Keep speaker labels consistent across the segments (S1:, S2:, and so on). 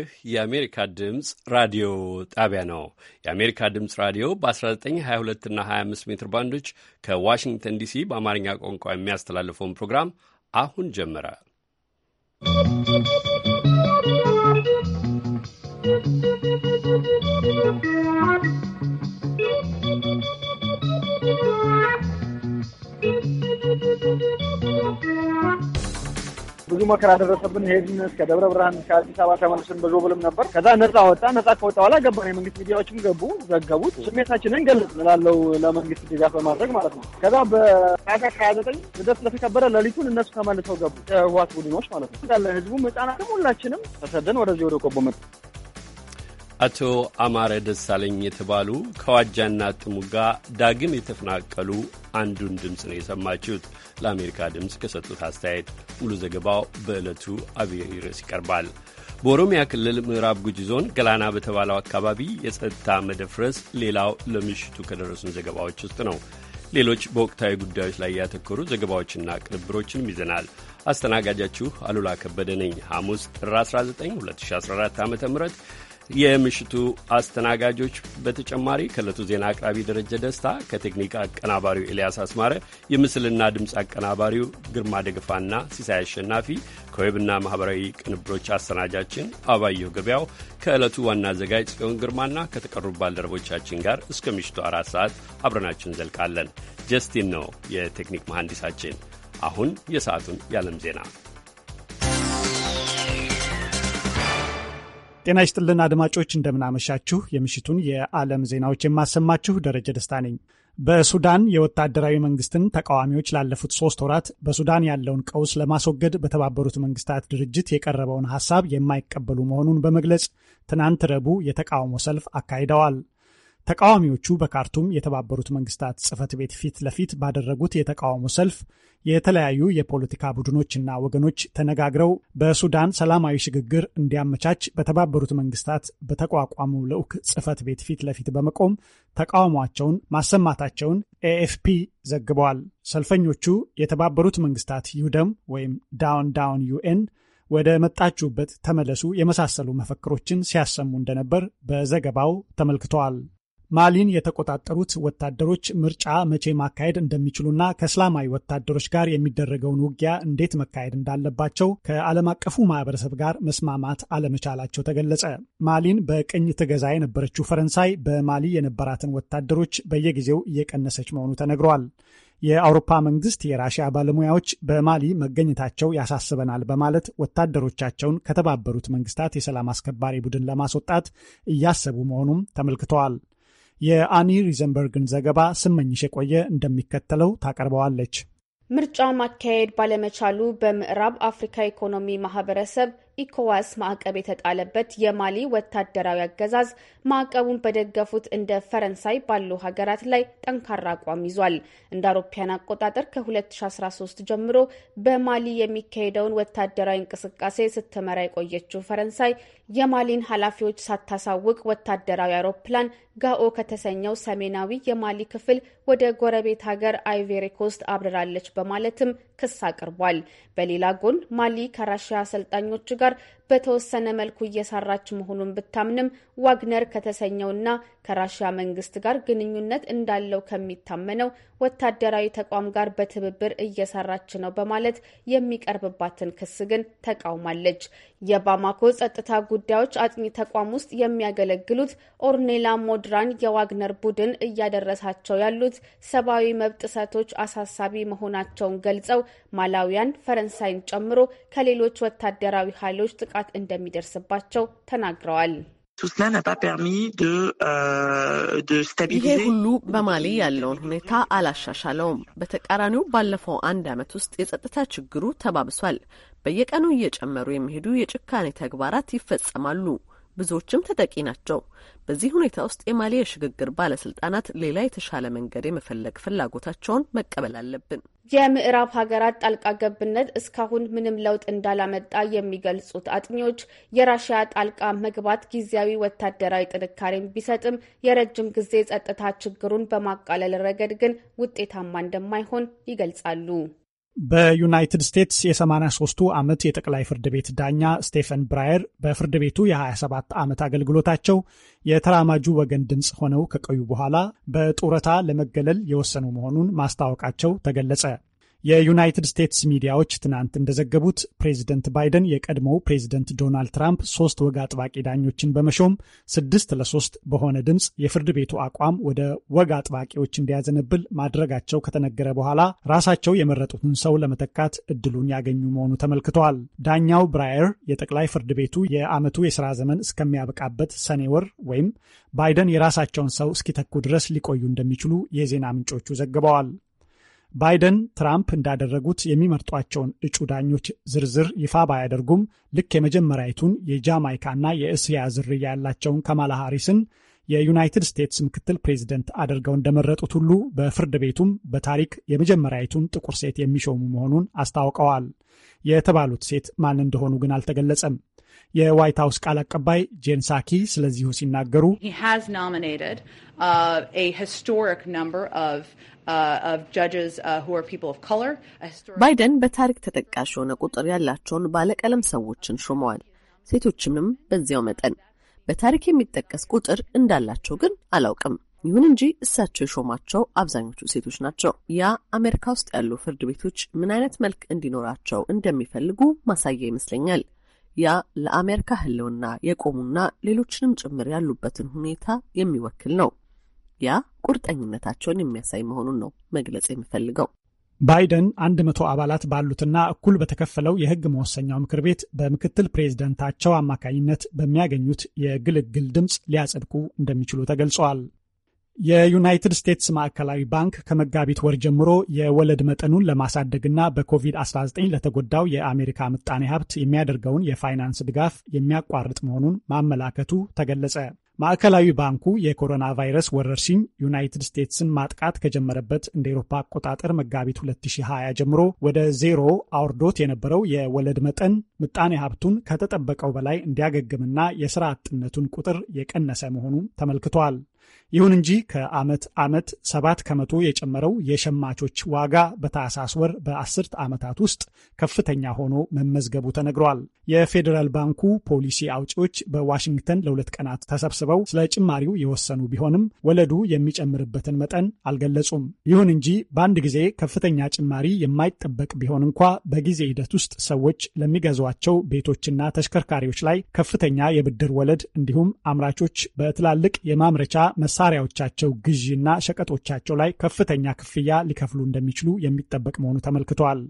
S1: ይህ የአሜሪካ ድምፅ ራዲዮ ጣቢያ ነው። የአሜሪካ ድምፅ ራዲዮ በ1922 እና 25 ሜትር ባንዶች ከዋሽንግተን ዲሲ በአማርኛ ቋንቋ የሚያስተላልፈውን ፕሮግራም አሁን ጀመረ።
S2: ብዙ መከራ ደረሰብን። ሄድን እስከ ደብረ ብርሃን እስከ አዲስ አበባ ተመልሰን በዞብልም ነበር። ከዛ ነጻ ወጣ። ነጻ ከወጣ በኋላ ገባ የመንግስት ሚዲያዎችም ገቡ፣ ዘገቡት። ስሜታችንን ገለጽ ላለው ለመንግስት ድጋፍ በማድረግ ማለት ነው። ከዛ በአጋር ሀያ ዘጠኝ ልደት ስለተከበረ ሌሊቱን እነሱ ተመልሰው ገቡ፣ ህዋት ቡድኖች ማለት ነው። እንዳለ ህዝቡም ህጻናትም ሁላችንም ተሰደን ወደዚህ ወደ ቆቦ መጣ
S1: አቶ አማረ ደሳለኝ የተባሉ ከዋጃና ጋር ዳግም የተፈናቀሉ አንዱን ድምፅ ነው የሰማችሁት። ለአሜሪካ ድምፅ ከሰጡት አስተያየት ሙሉ ዘገባው በዕለቱ አብይ ርዕስ ይቀርባል። በኦሮሚያ ክልል ምዕራብ ጉጂ ዞን ገላና በተባለው አካባቢ የጸጥታ መደፍረስ ሌላው ለምሽቱ ከደረሱን ዘገባዎች ውስጥ ነው። ሌሎች በወቅታዊ ጉዳዮች ላይ ያተኮሩ ዘገባዎችና ቅንብሮችንም ይዘናል። አስተናጋጃችሁ አሉላ ከበደ ነኝ። ሐሙስ ጥር 19 2014 ዓ ም የምሽቱ አስተናጋጆች በተጨማሪ ከእለቱ ዜና አቅራቢ ደረጀ ደስታ፣ ከቴክኒክ አቀናባሪው ኤልያስ አስማረ፣ የምስልና ድምፅ አቀናባሪው ግርማ ደግፋና ሲሳይ አሸናፊ፣ ከዌብና ማኅበራዊ ቅንብሮች አሰናጃችን አባየሁ ገበያው፣ ከዕለቱ ዋና አዘጋጅ ጽዮን ግርማና ከተቀሩ ባልደረቦቻችን ጋር እስከ ምሽቱ አራት ሰዓት አብረናችሁ እንዘልቃለን። ጀስቲን ነው የቴክኒክ መሐንዲሳችን። አሁን የሰዓቱን የዓለም ዜና
S3: ጤና ይስጥልን አድማጮች፣ እንደምናመሻችሁ። የምሽቱን የዓለም ዜናዎች የማሰማችሁ ደረጀ ደስታ ነኝ። በሱዳን የወታደራዊ መንግስትን ተቃዋሚዎች ላለፉት ሶስት ወራት በሱዳን ያለውን ቀውስ ለማስወገድ በተባበሩት መንግስታት ድርጅት የቀረበውን ሀሳብ የማይቀበሉ መሆኑን በመግለጽ ትናንት ረቡዕ የተቃውሞ ሰልፍ አካሂደዋል። ተቃዋሚዎቹ በካርቱም የተባበሩት መንግስታት ጽህፈት ቤት ፊት ለፊት ባደረጉት የተቃውሞ ሰልፍ የተለያዩ የፖለቲካ ቡድኖችና ወገኖች ተነጋግረው በሱዳን ሰላማዊ ሽግግር እንዲያመቻች በተባበሩት መንግስታት በተቋቋመው ልዑክ ጽህፈት ቤት ፊት ለፊት በመቆም ተቃውሟቸውን ማሰማታቸውን ኤኤፍፒ ዘግበዋል። ሰልፈኞቹ የተባበሩት መንግስታት ዩደም ወይም ዳውን ዳውን ዩኤን ወደ መጣችሁበት ተመለሱ የመሳሰሉ መፈክሮችን ሲያሰሙ እንደነበር በዘገባው ተመልክተዋል። ማሊን የተቆጣጠሩት ወታደሮች ምርጫ መቼ ማካሄድ እንደሚችሉና ከእስላማዊ ወታደሮች ጋር የሚደረገውን ውጊያ እንዴት መካሄድ እንዳለባቸው ከዓለም አቀፉ ማህበረሰብ ጋር መስማማት አለመቻላቸው ተገለጸ። ማሊን በቅኝ ትገዛ የነበረችው ፈረንሳይ በማሊ የነበራትን ወታደሮች በየጊዜው እየቀነሰች መሆኑ ተነግሯል። የአውሮፓ መንግስት የራሽያ ባለሙያዎች በማሊ መገኘታቸው ያሳስበናል በማለት ወታደሮቻቸውን ከተባበሩት መንግስታት የሰላም አስከባሪ ቡድን ለማስወጣት እያሰቡ መሆኑም ተመልክተዋል። የአኒ ሪዘንበርግን ዘገባ ስመኝሽ የቆየ እንደሚከተለው ታቀርበዋለች።
S4: ምርጫ ማካሄድ ባለመቻሉ በምዕራብ አፍሪካ ኢኮኖሚ ማህበረሰብ ኢኮዋስ ማዕቀብ የተጣለበት የማሊ ወታደራዊ አገዛዝ ማዕቀቡን በደገፉት እንደ ፈረንሳይ ባሉ ሀገራት ላይ ጠንካራ አቋም ይዟል። እንደ አውሮፓያን አቆጣጠር ከ2013 ጀምሮ በማሊ የሚካሄደውን ወታደራዊ እንቅስቃሴ ስትመራ የቆየችው ፈረንሳይ የማሊን ኃላፊዎች ሳታሳውቅ ወታደራዊ አውሮፕላን ጋኦ ከተሰኘው ሰሜናዊ የማሊ ክፍል ወደ ጎረቤት ሀገር አይቬሪኮስት ኮስት አብርራለች በማለትም ክስ አቅርቧል። በሌላ ጎን ማሊ ከራሽያ አሰልጣኞች ጋር በተወሰነ መልኩ እየሰራች መሆኑን ብታምንም ዋግነር ከተሰኘውና ከራሽያ መንግስት ጋር ግንኙነት እንዳለው ከሚታመነው ወታደራዊ ተቋም ጋር በትብብር እየሰራች ነው በማለት የሚቀርብባትን ክስ ግን ተቃውማለች። የባማኮ ጸጥታ ጉዳዮች አጥኚ ተቋም ውስጥ የሚያገለግሉት ኦርኔላ ሞድራን የዋግነር ቡድን እያደረሳቸው ያሉት ሰብአዊ መብት ጥሰቶች አሳሳቢ መሆናቸውን ገልጸው ማላዊያን፣ ፈረንሳይን ጨምሮ ከሌሎች ወታደራዊ ኃይሎች ጥቃ ጥቃት እንደሚደርስባቸው ተናግረዋል።
S5: euh,
S6: ይሄ ሁሉ
S7: በማሊ ያለውን ሁኔታ አላሻሻለውም። በተቃራኒው ባለፈው አንድ ዓመት ውስጥ የጸጥታ ችግሩ ተባብሷል። በየቀኑ እየጨመሩ የሚሄዱ የጭካኔ ተግባራት ይፈጸማሉ። ብዙዎችም ተጠቂ ናቸው። በዚህ ሁኔታ ውስጥ የማሊ የሽግግር ባለስልጣናት ሌላ የተሻለ መንገድ የመፈለግ ፍላጎታቸውን መቀበል አለብን።
S4: የምዕራብ ሀገራት ጣልቃ ገብነት እስካሁን ምንም ለውጥ እንዳላመጣ የሚገልጹት አጥኚዎች የራሽያ ጣልቃ መግባት ጊዜያዊ ወታደራዊ ጥንካሬን ቢሰጥም የረጅም ጊዜ ጸጥታ ችግሩን በማቃለል ረገድ ግን ውጤታማ እንደማይሆን ይገልጻሉ።
S3: በዩናይትድ ስቴትስ የ83ቱ ዓመት የጠቅላይ ፍርድ ቤት ዳኛ ስቴፈን ብራየር በፍርድ ቤቱ የ27 ዓመት አገልግሎታቸው የተራማጁ ወገን ድምፅ ሆነው ከቆዩ በኋላ በጡረታ ለመገለል የወሰኑ መሆኑን ማስታወቃቸው ተገለጸ። የዩናይትድ ስቴትስ ሚዲያዎች ትናንት እንደዘገቡት ፕሬዚደንት ባይደን የቀድሞው ፕሬዚደንት ዶናልድ ትራምፕ ሶስት ወግ አጥባቂ ዳኞችን በመሾም ስድስት ለሶስት በሆነ ድምፅ የፍርድ ቤቱ አቋም ወደ ወግ አጥባቂዎች እንዲያዘነብል ማድረጋቸው ከተነገረ በኋላ ራሳቸው የመረጡትን ሰው ለመተካት እድሉን ያገኙ መሆኑ ተመልክተዋል። ዳኛው ብራየር የጠቅላይ ፍርድ ቤቱ የዓመቱ የሥራ ዘመን እስከሚያበቃበት ሰኔ ወር ወይም ባይደን የራሳቸውን ሰው እስኪተኩ ድረስ ሊቆዩ እንደሚችሉ የዜና ምንጮቹ ዘግበዋል። ባይደን ትራምፕ እንዳደረጉት የሚመርጧቸውን እጩ ዳኞች ዝርዝር ይፋ ባያደርጉም ልክ የመጀመሪያይቱን የጃማይካና የእስያ ዝርያ ያላቸውን ከማላ ሃሪስን የዩናይትድ ስቴትስ ምክትል ፕሬዚደንት አድርገው እንደመረጡት ሁሉ በፍርድ ቤቱም በታሪክ የመጀመሪያይቱን ጥቁር ሴት የሚሾሙ መሆኑን አስታውቀዋል። የተባሉት ሴት ማን እንደሆኑ ግን አልተገለጸም። የዋይት ሀውስ ቃል አቀባይ ጄን ሳኪ ስለዚሁ ሲናገሩ
S7: uh, uh, uh, ባይደን በታሪክ ተጠቃሽ የሆነ ቁጥር ያላቸውን ባለቀለም ሰዎችን ሾመዋል። ሴቶችንም በዚያው መጠን በታሪክ የሚጠቀስ ቁጥር እንዳላቸው ግን አላውቅም። ይሁን እንጂ እሳቸው የሾማቸው አብዛኞቹ ሴቶች ናቸው። ያ አሜሪካ ውስጥ ያሉ ፍርድ ቤቶች ምን አይነት መልክ እንዲኖራቸው እንደሚፈልጉ ማሳያ ይመስለኛል። ያ ለአሜሪካ ሕልውና የቆሙና ሌሎችንም ጭምር ያሉበትን ሁኔታ የሚወክል ነው። ያ ቁርጠኝነታቸውን የሚያሳይ መሆኑን ነው መግለጽ የሚፈልገው።
S3: ባይደን አንድ መቶ አባላት ባሉትና እኩል በተከፈለው የህግ መወሰኛው ምክር ቤት በምክትል ፕሬዝደንታቸው አማካኝነት በሚያገኙት የግልግል ድምፅ ሊያጸድቁ እንደሚችሉ ተገልጸዋል። የዩናይትድ ስቴትስ ማዕከላዊ ባንክ ከመጋቢት ወር ጀምሮ የወለድ መጠኑን ለማሳደግና በኮቪድ-19 ለተጎዳው የአሜሪካ ምጣኔ ሀብት የሚያደርገውን የፋይናንስ ድጋፍ የሚያቋርጥ መሆኑን ማመላከቱ ተገለጸ። ማዕከላዊ ባንኩ የኮሮና ቫይረስ ወረርሽኝ ዩናይትድ ስቴትስን ማጥቃት ከጀመረበት እንደ ኤሮፓ አቆጣጠር መጋቢት 2020 ጀምሮ ወደ ዜሮ አውርዶት የነበረው የወለድ መጠን ምጣኔ ሀብቱን ከተጠበቀው በላይ እንዲያገግምና የስራ አጥነቱን ቁጥር የቀነሰ መሆኑ ተመልክቷል። ይሁን እንጂ ከዓመት ዓመት ሰባት ከመቶ የጨመረው የሸማቾች ዋጋ በታህሳስ ወር በአስርት ዓመታት ውስጥ ከፍተኛ ሆኖ መመዝገቡ ተነግሯል። የፌዴራል ባንኩ ፖሊሲ አውጪዎች በዋሽንግተን ለሁለት ቀናት ተሰብስበው ስለ ጭማሪው የወሰኑ ቢሆንም ወለዱ የሚጨምርበትን መጠን አልገለጹም። ይሁን እንጂ በአንድ ጊዜ ከፍተኛ ጭማሪ የማይጠበቅ ቢሆን እንኳ በጊዜ ሂደት ውስጥ ሰዎች ለሚገዟቸው ቤቶችና ተሽከርካሪዎች ላይ ከፍተኛ የብድር ወለድ እንዲሁም አምራቾች በትላልቅ የማምረቻ መሳ መሳሪያዎቻቸው ግዢና ሸቀጦቻቸው ላይ ከፍተኛ ክፍያ ሊከፍሉ እንደሚችሉ የሚጠበቅ መሆኑ ተመልክቷል።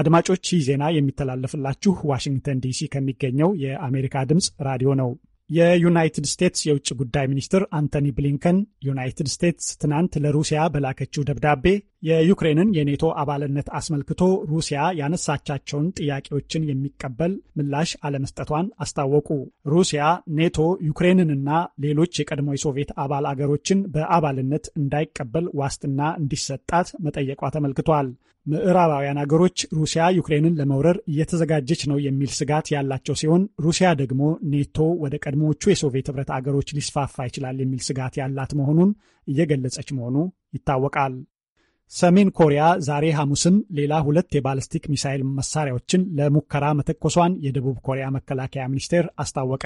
S3: አድማጮች ይህ ዜና የሚተላለፍላችሁ ዋሽንግተን ዲሲ ከሚገኘው የአሜሪካ ድምፅ ራዲዮ ነው። የዩናይትድ ስቴትስ የውጭ ጉዳይ ሚኒስትር አንቶኒ ብሊንከን ዩናይትድ ስቴትስ ትናንት ለሩሲያ በላከችው ደብዳቤ የዩክሬንን የኔቶ አባልነት አስመልክቶ ሩሲያ ያነሳቻቸውን ጥያቄዎችን የሚቀበል ምላሽ አለመስጠቷን አስታወቁ። ሩሲያ ኔቶ ዩክሬንንና ሌሎች የቀድሞ የሶቪየት አባል አገሮችን በአባልነት እንዳይቀበል ዋስትና እንዲሰጣት መጠየቋ ተመልክቷል። ምዕራባውያን አገሮች ሩሲያ ዩክሬንን ለመውረር እየተዘጋጀች ነው የሚል ስጋት ያላቸው ሲሆን ሩሲያ ደግሞ ኔቶ ወደ ቀድሞዎቹ የሶቪየት ህብረት አገሮች ሊስፋፋ ይችላል የሚል ስጋት ያላት መሆኑን እየገለጸች መሆኑ ይታወቃል። ሰሜን ኮሪያ ዛሬ ሐሙስም ሌላ ሁለት የባለስቲክ ሚሳይል መሳሪያዎችን ለሙከራ መተኮሷን የደቡብ ኮሪያ መከላከያ ሚኒስቴር አስታወቀ።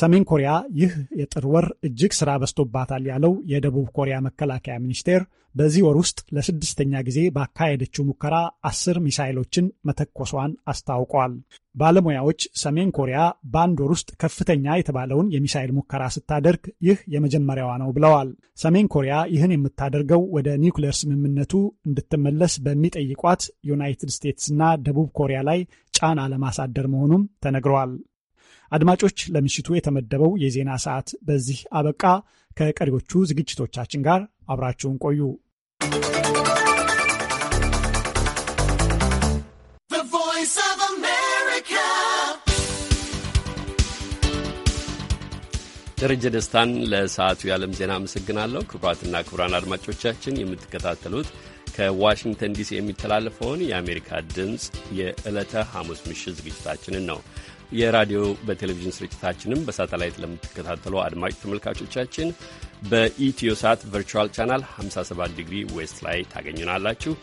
S3: ሰሜን ኮሪያ ይህ የጥር ወር እጅግ ስራ በዝቶባታል ያለው የደቡብ ኮሪያ መከላከያ ሚኒስቴር በዚህ ወር ውስጥ ለስድስተኛ ጊዜ ባካሄደችው ሙከራ አስር ሚሳይሎችን መተኮሷን አስታውቋል። ባለሙያዎች ሰሜን ኮሪያ በአንድ ወር ውስጥ ከፍተኛ የተባለውን የሚሳይል ሙከራ ስታደርግ ይህ የመጀመሪያዋ ነው ብለዋል። ሰሜን ኮሪያ ይህን የምታደርገው ወደ ኒውክሌር ስምምነቱ እንድትመለስ በሚጠይቋት ዩናይትድ እና ደቡብ ኮሪያ ላይ ጫና ለማሳደር መሆኑም ተነግረዋል። አድማጮች፣ ለምሽቱ የተመደበው የዜና ሰዓት በዚህ አበቃ። ከቀሪዎቹ ዝግጅቶቻችን ጋር አብራችሁን ቆዩ።
S1: ደረጀ ደስታን ለሰዓቱ የዓለም ዜና አመሰግናለሁ። ክቡራትና ክቡራን አድማጮቻችን የምትከታተሉት ከዋሽንግተን ዲሲ የሚተላለፈውን የአሜሪካ ድምፅ የዕለተ ሐሙስ ምሽት ዝግጅታችንን ነው። የራዲዮ በቴሌቪዥን ስርጭታችንም በሳተላይት ለምትከታተሉ አድማጭ ተመልካቾቻችን በኢትዮ ሳት ቨርቹዋል ቻናል 57 ዲግሪ ዌስት ላይ ታገኙናላችሁ።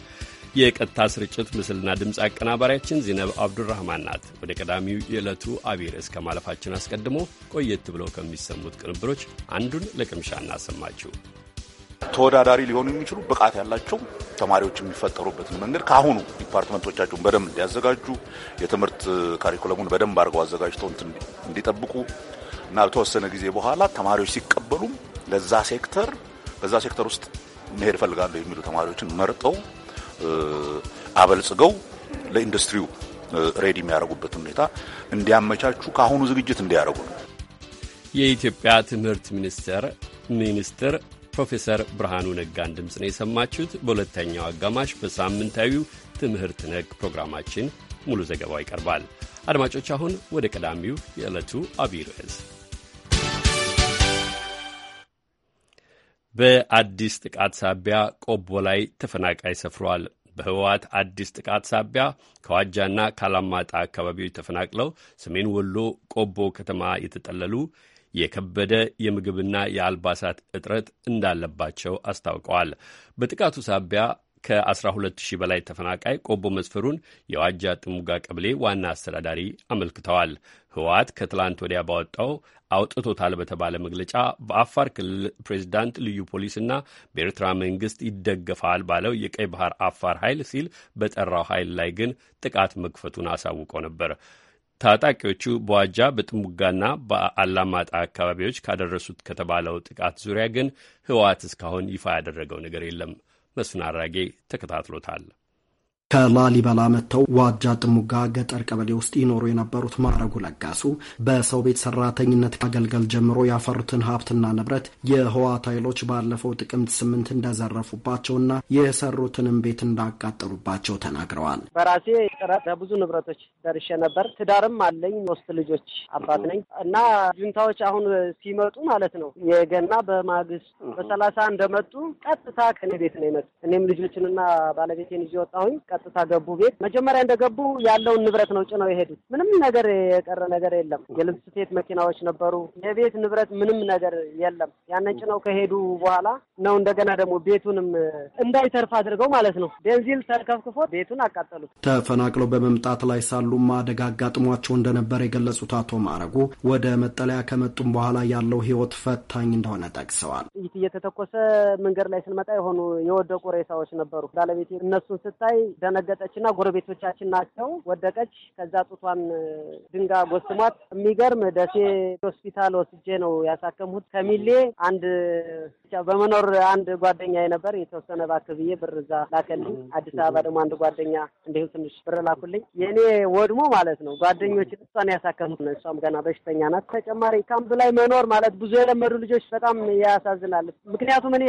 S1: የቀጥታ ስርጭት ምስልና ድምፅ አቀናባሪያችን ዜነብ አብዱራህማን ናት። ወደ ቀዳሚው የዕለቱ አቢር እስከ ማለፋችን አስቀድሞ ቆየት ብለው ከሚሰሙት ቅንብሮች አንዱን ለቅምሻ እናሰማችሁ።
S8: ተወዳዳሪ ሊሆኑ የሚችሉ ብቃት ያላቸው ተማሪዎች የሚፈጠሩበትን መንገድ ከአሁኑ ዲፓርትመንቶቻቸውን በደንብ እንዲያዘጋጁ የትምህርት ካሪኩለሙን በደንብ አድርገው አዘጋጅተው እንዲጠብቁ እና በተወሰነ ጊዜ በኋላ ተማሪዎች ሲቀበሉም ለዛ ሴክተር በዛ ሴክተር ውስጥ መሄድ እፈልጋለሁ የሚሉ ተማሪዎችን መርጠው አበልጽገው ለኢንዱስትሪው ሬዲ የሚያደርጉበትን ሁኔታ እንዲያመቻቹ ከአሁኑ ዝግጅት እንዲያደርጉ ነው።
S1: የኢትዮጵያ ትምህርት ሚኒስቴር ሚኒስትር ፕሮፌሰር ብርሃኑ ነጋን ድምፅ ነው የሰማችሁት። በሁለተኛው አጋማሽ በሳምንታዊው ትምህርት ነክ ፕሮግራማችን ሙሉ ዘገባው ይቀርባል። አድማጮች፣ አሁን ወደ ቀዳሚው የዕለቱ አብይ ርዕስ በአዲስ ጥቃት ሳቢያ ቆቦ ላይ ተፈናቃይ ሰፍረዋል። በህወሓት አዲስ ጥቃት ሳቢያ ከዋጃና ካላማጣ አካባቢዎች ተፈናቅለው ሰሜን ወሎ ቆቦ ከተማ የተጠለሉ የከበደ የምግብና የአልባሳት እጥረት እንዳለባቸው አስታውቀዋል። በጥቃቱ ሳቢያ ከ 12000 በላይ ተፈናቃይ ቆቦ መስፈሩን የዋጃ ጥሙጋ ቀብሌ ዋና አስተዳዳሪ አመልክተዋል። ህወሓት ከትላንት ወዲያ ባወጣው አውጥቶታል በተባለ መግለጫ በአፋር ክልል ፕሬዚዳንት ልዩ ፖሊስና በኤርትራ መንግስት ይደገፋል ባለው የቀይ ባህር አፋር ኃይል ሲል በጠራው ኃይል ላይ ግን ጥቃት መክፈቱን አሳውቆ ነበር። ታጣቂዎቹ በዋጃ በጥሙጋና በአላማጣ አካባቢዎች ካደረሱት ከተባለው ጥቃት ዙሪያ ግን ህወሓት እስካሁን ይፋ ያደረገው ነገር የለም። መስፍን አራጌ ተከታትሎታል።
S9: ከላሊበላ መጥተው ዋጃ ጥሙጋ ገጠር ቀበሌ ውስጥ ይኖሩ የነበሩት ማዕረጉ ለጋሱ በሰው ቤት ሰራተኝነት አገልገል ጀምሮ ያፈሩትን ሀብትና ንብረት የህወሓት ኃይሎች ባለፈው ጥቅምት ስምንት እንደዘረፉባቸውና የሰሩትንም ቤት እንዳቃጠሉባቸው ተናግረዋል።
S10: በራሴ ጥረት ብዙ ንብረቶች ደርሼ ነበር። ትዳርም አለኝ። ሶስት ልጆች አባት ነኝ እና ጁንታዎች አሁን ሲመጡ ማለት ነው የገና በማግስት በሰላሳ እንደመጡ ቀጥታ ከኔ ቤት ነው የመጡ እኔም ልጆችንና ባለቤቴን ይዤ ወጣሁኝ። ቀጥታ ገቡ ቤት። መጀመሪያ እንደገቡ ያለውን ንብረት ነው ጭነው የሄዱት። ምንም ነገር የቀረ ነገር የለም። የልብስ ስፌት መኪናዎች ነበሩ፣ የቤት ንብረት፣ ምንም ነገር የለም። ያንን ጭነው ከሄዱ በኋላ ነው እንደገና ደግሞ ቤቱንም እንዳይተርፍ አድርገው ማለት ነው ቤንዚል ተርከፍክፎ ቤቱን አቃጠሉት።
S9: ተፈናቅለው በመምጣት ላይ ሳሉ ሁሉም አደጋ አጋጥሟቸው እንደነበር የገለጹት አቶ ማረጉ ወደ መጠለያ ከመጡም በኋላ ያለው ህይወት ፈታኝ እንደሆነ ጠቅሰዋል።
S10: ጥይት እየተተኮሰ መንገድ ላይ ስንመጣ የሆኑ የወደቁ ሬሳዎች ነበሩ። ባለቤቴ እነሱን ስታይ ደነገጠችና ጎረቤቶቻችን ናቸው ወደቀች። ከዛ ጡቷን ድንጋይ ጎስሟት የሚገርም ደሴ ሆስፒታል ወስጄ ነው ያሳከምሁት። ከሚሌ አንድ በመኖር አንድ ጓደኛ ነበር የተወሰነ ባክ ብዬ ብር እዛ ላከልኝ። አዲስ አበባ ደግሞ አንድ ጓደኛ እንዲሁ ትንሽ ብር ላኩልኝ። የእኔ ወድሞ ማለት ነው። ጓደኞች እሷን ያሳከሙት ነው። እሷም ገና በሽተኛ ናት። ተጨማሪ ካምፕ ላይ መኖር ማለት ብዙ የለመዱ ልጆች በጣም ያሳዝናል። ምክንያቱም እኔ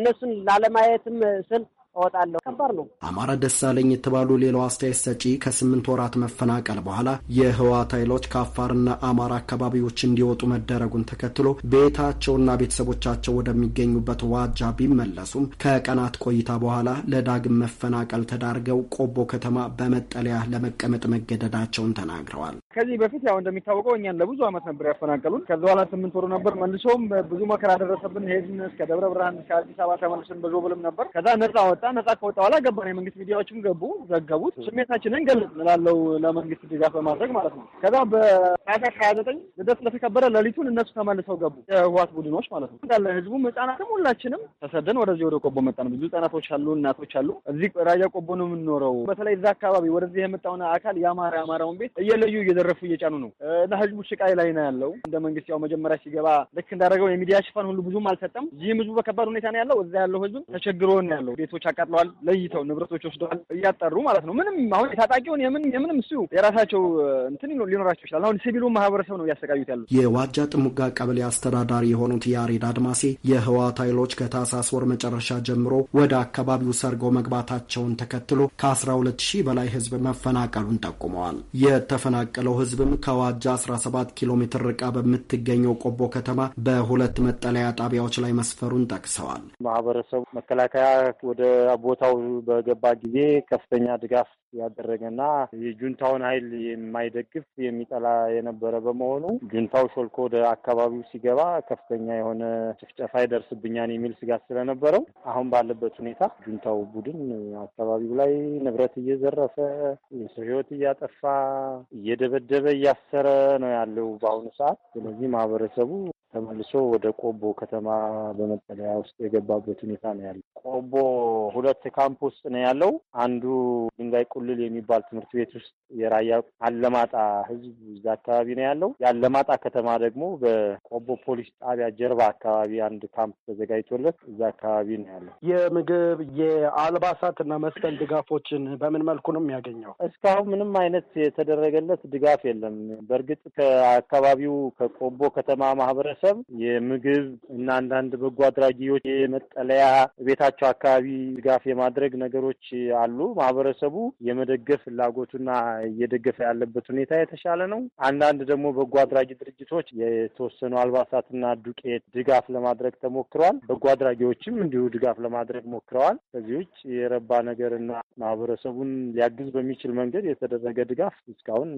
S10: እነሱን ላለማየትም ስል እወጣለሁ። ከባድ ነው።
S9: አማራ ደሳለኝ የተባሉ ሌላው አስተያየት ሰጪ ከስምንት ወራት መፈናቀል በኋላ የህወሓት ኃይሎች ከአፋርና አማራ አካባቢዎች እንዲወጡ መደረጉን ተከትሎ ቤታቸውና ቤተሰቦቻቸው ወደሚገኙበት ዋጃ ቢመለሱም ከቀናት ቆይታ በኋላ ለዳግም መፈናቀል ተዳርገው ቆቦ ከተማ በመጠለያ ለመቀመጥ መገደዳቸውን ተናግረዋል።
S2: ከዚህ በፊት ያው እንደሚታወቀው እኛን ለብዙ ዓመት ነበር ያፈናቀሉን። ከዚ በኋላ ስምንት ወሩ ነበር። መልሶም ብዙ መከራ ደረሰብን። ሄድን እስከ ደብረ ብርሃን፣ እስከ አዲስ አበባ ተመልስን። በዞብልም ነበር ከዛ ነጻ ወጣ ከወጣ ነጻ ከወጣ በኋላ ገባን። የመንግስት ሚዲያዎችም ገቡ፣ ዘገቡት። ስሜታችንን ገለጽን ላለው ለመንግስት ድጋፍ በማድረግ ማለት ነው። ከዛ በታህሳስ ሀያ ዘጠኝ ልደት ስለተከበረ ሌሊቱን እነሱ ተመልሰው ገቡ፣ የህዋት ቡድኖች ማለት ነው። እንዳለ ህዝቡም ህጻናትም ሁላችንም ተሰደን ወደዚህ ወደ ቆቦ መጣን። ብዙ ህጻናቶች አሉ፣ እናቶች አሉ። እዚህ ራያ ቆቦ ነው የምንኖረው። በተለይ እዛ አካባቢ ወደዚህ የመጣውን አካል የአማራ የአማራውን ቤት እየለዩ እየዘረፉ እየጫኑ ነው እና ህዝቡ ስቃይ ላይ ነው ያለው። እንደ መንግስት ያው መጀመሪያ ሲገባ ልክ እንዳደረገው የሚዲያ ሽፋን ሁሉ ብዙም አልሰጠም። ይህም ህዝቡ በከባድ ሁኔታ ነው ያለው። እዛ ያለው ህዝብ ተቸግሮ ነው ያለው ቤቶች አቃጥለዋል፣ ለይተው ንብረቶች ወስደዋል እያጠሩ ማለት ነው። ምንም አሁን የታጣቂውን የምን የምንም እሱ የራሳቸው እንትን ሊኖራቸው ይችላል። አሁን ሲቪሉ ማህበረሰብ ነው እያሰቃዩት ያሉት።
S9: የዋጃ ጥሙጋ ቀበሌ አስተዳዳሪ የሆኑት ያሬድ አድማሴ የህወሓት ኃይሎች ከታህሳስ ወር መጨረሻ ጀምሮ ወደ አካባቢው ሰርገው መግባታቸውን ተከትሎ ከ12 ሺህ በላይ ህዝብ መፈናቀሉን ጠቁመዋል። የተፈናቀለው ህዝብም ከዋጃ 17 ኪሎ ሜትር ርቃ በምትገኘው ቆቦ ከተማ በሁለት መጠለያ ጣቢያዎች ላይ መስፈሩን ጠቅሰዋል።
S11: ማህበረሰቡ መከላከያ ወደ ቦታው በገባ ጊዜ ከፍተኛ ድጋፍ ያደረገና የጁንታውን ኃይል የማይደግፍ የሚጠላ የነበረ በመሆኑ ጁንታው ሾልኮ ወደ አካባቢው ሲገባ ከፍተኛ የሆነ ጭፍጨፋ ይደርስብኛል የሚል ስጋት ስለነበረው አሁን ባለበት ሁኔታ ጁንታው ቡድን አካባቢው ላይ ንብረት እየዘረፈ የሰው ሕይወት እያጠፋ እየደበደበ እያሰረ ነው ያለው በአሁኑ ሰዓት። ስለዚህ ማህበረሰቡ ተመልሶ ወደ ቆቦ ከተማ በመጠለያ ውስጥ የገባበት ሁኔታ ነው ያለው። ቆቦ ሁለት ካምፕ ውስጥ ነው ያለው። አንዱ ድንጋይ ቁልል የሚባል ትምህርት ቤት ውስጥ የራያ አለማጣ ህዝብ እዛ አካባቢ ነው ያለው። የአለማጣ ከተማ ደግሞ በቆቦ ፖሊስ ጣቢያ ጀርባ አካባቢ አንድ ካምፕ ተዘጋጅቶለት እዛ አካባቢ ነው ያለው።
S9: የምግብ የአልባሳት እና መሰል ድጋፎችን በምን
S11: መልኩ ነው የሚያገኘው? እስካሁን ምንም አይነት የተደረገለት ድጋፍ የለም። በእርግጥ ከአካባቢው ከቆቦ ከተማ ማህበረሰብ ማህበረሰብ የምግብ እና አንዳንድ በጎ አድራጊዎች የመጠለያ ቤታቸው አካባቢ ድጋፍ የማድረግ ነገሮች አሉ። ማህበረሰቡ የመደገፍ ፍላጎቱና እየደገፈ ያለበት ሁኔታ የተሻለ ነው። አንዳንድ ደግሞ በጎ አድራጊ ድርጅቶች የተወሰኑ አልባሳትና ዱቄት ድጋፍ ለማድረግ ተሞክረዋል። በጎ አድራጊዎችም እንዲሁ ድጋፍ ለማድረግ ሞክረዋል። ከዚህ ውጭ የረባ ነገርና ማህበረሰቡን ሊያግዝ በሚችል መንገድ የተደረገ ድጋፍ እስካሁን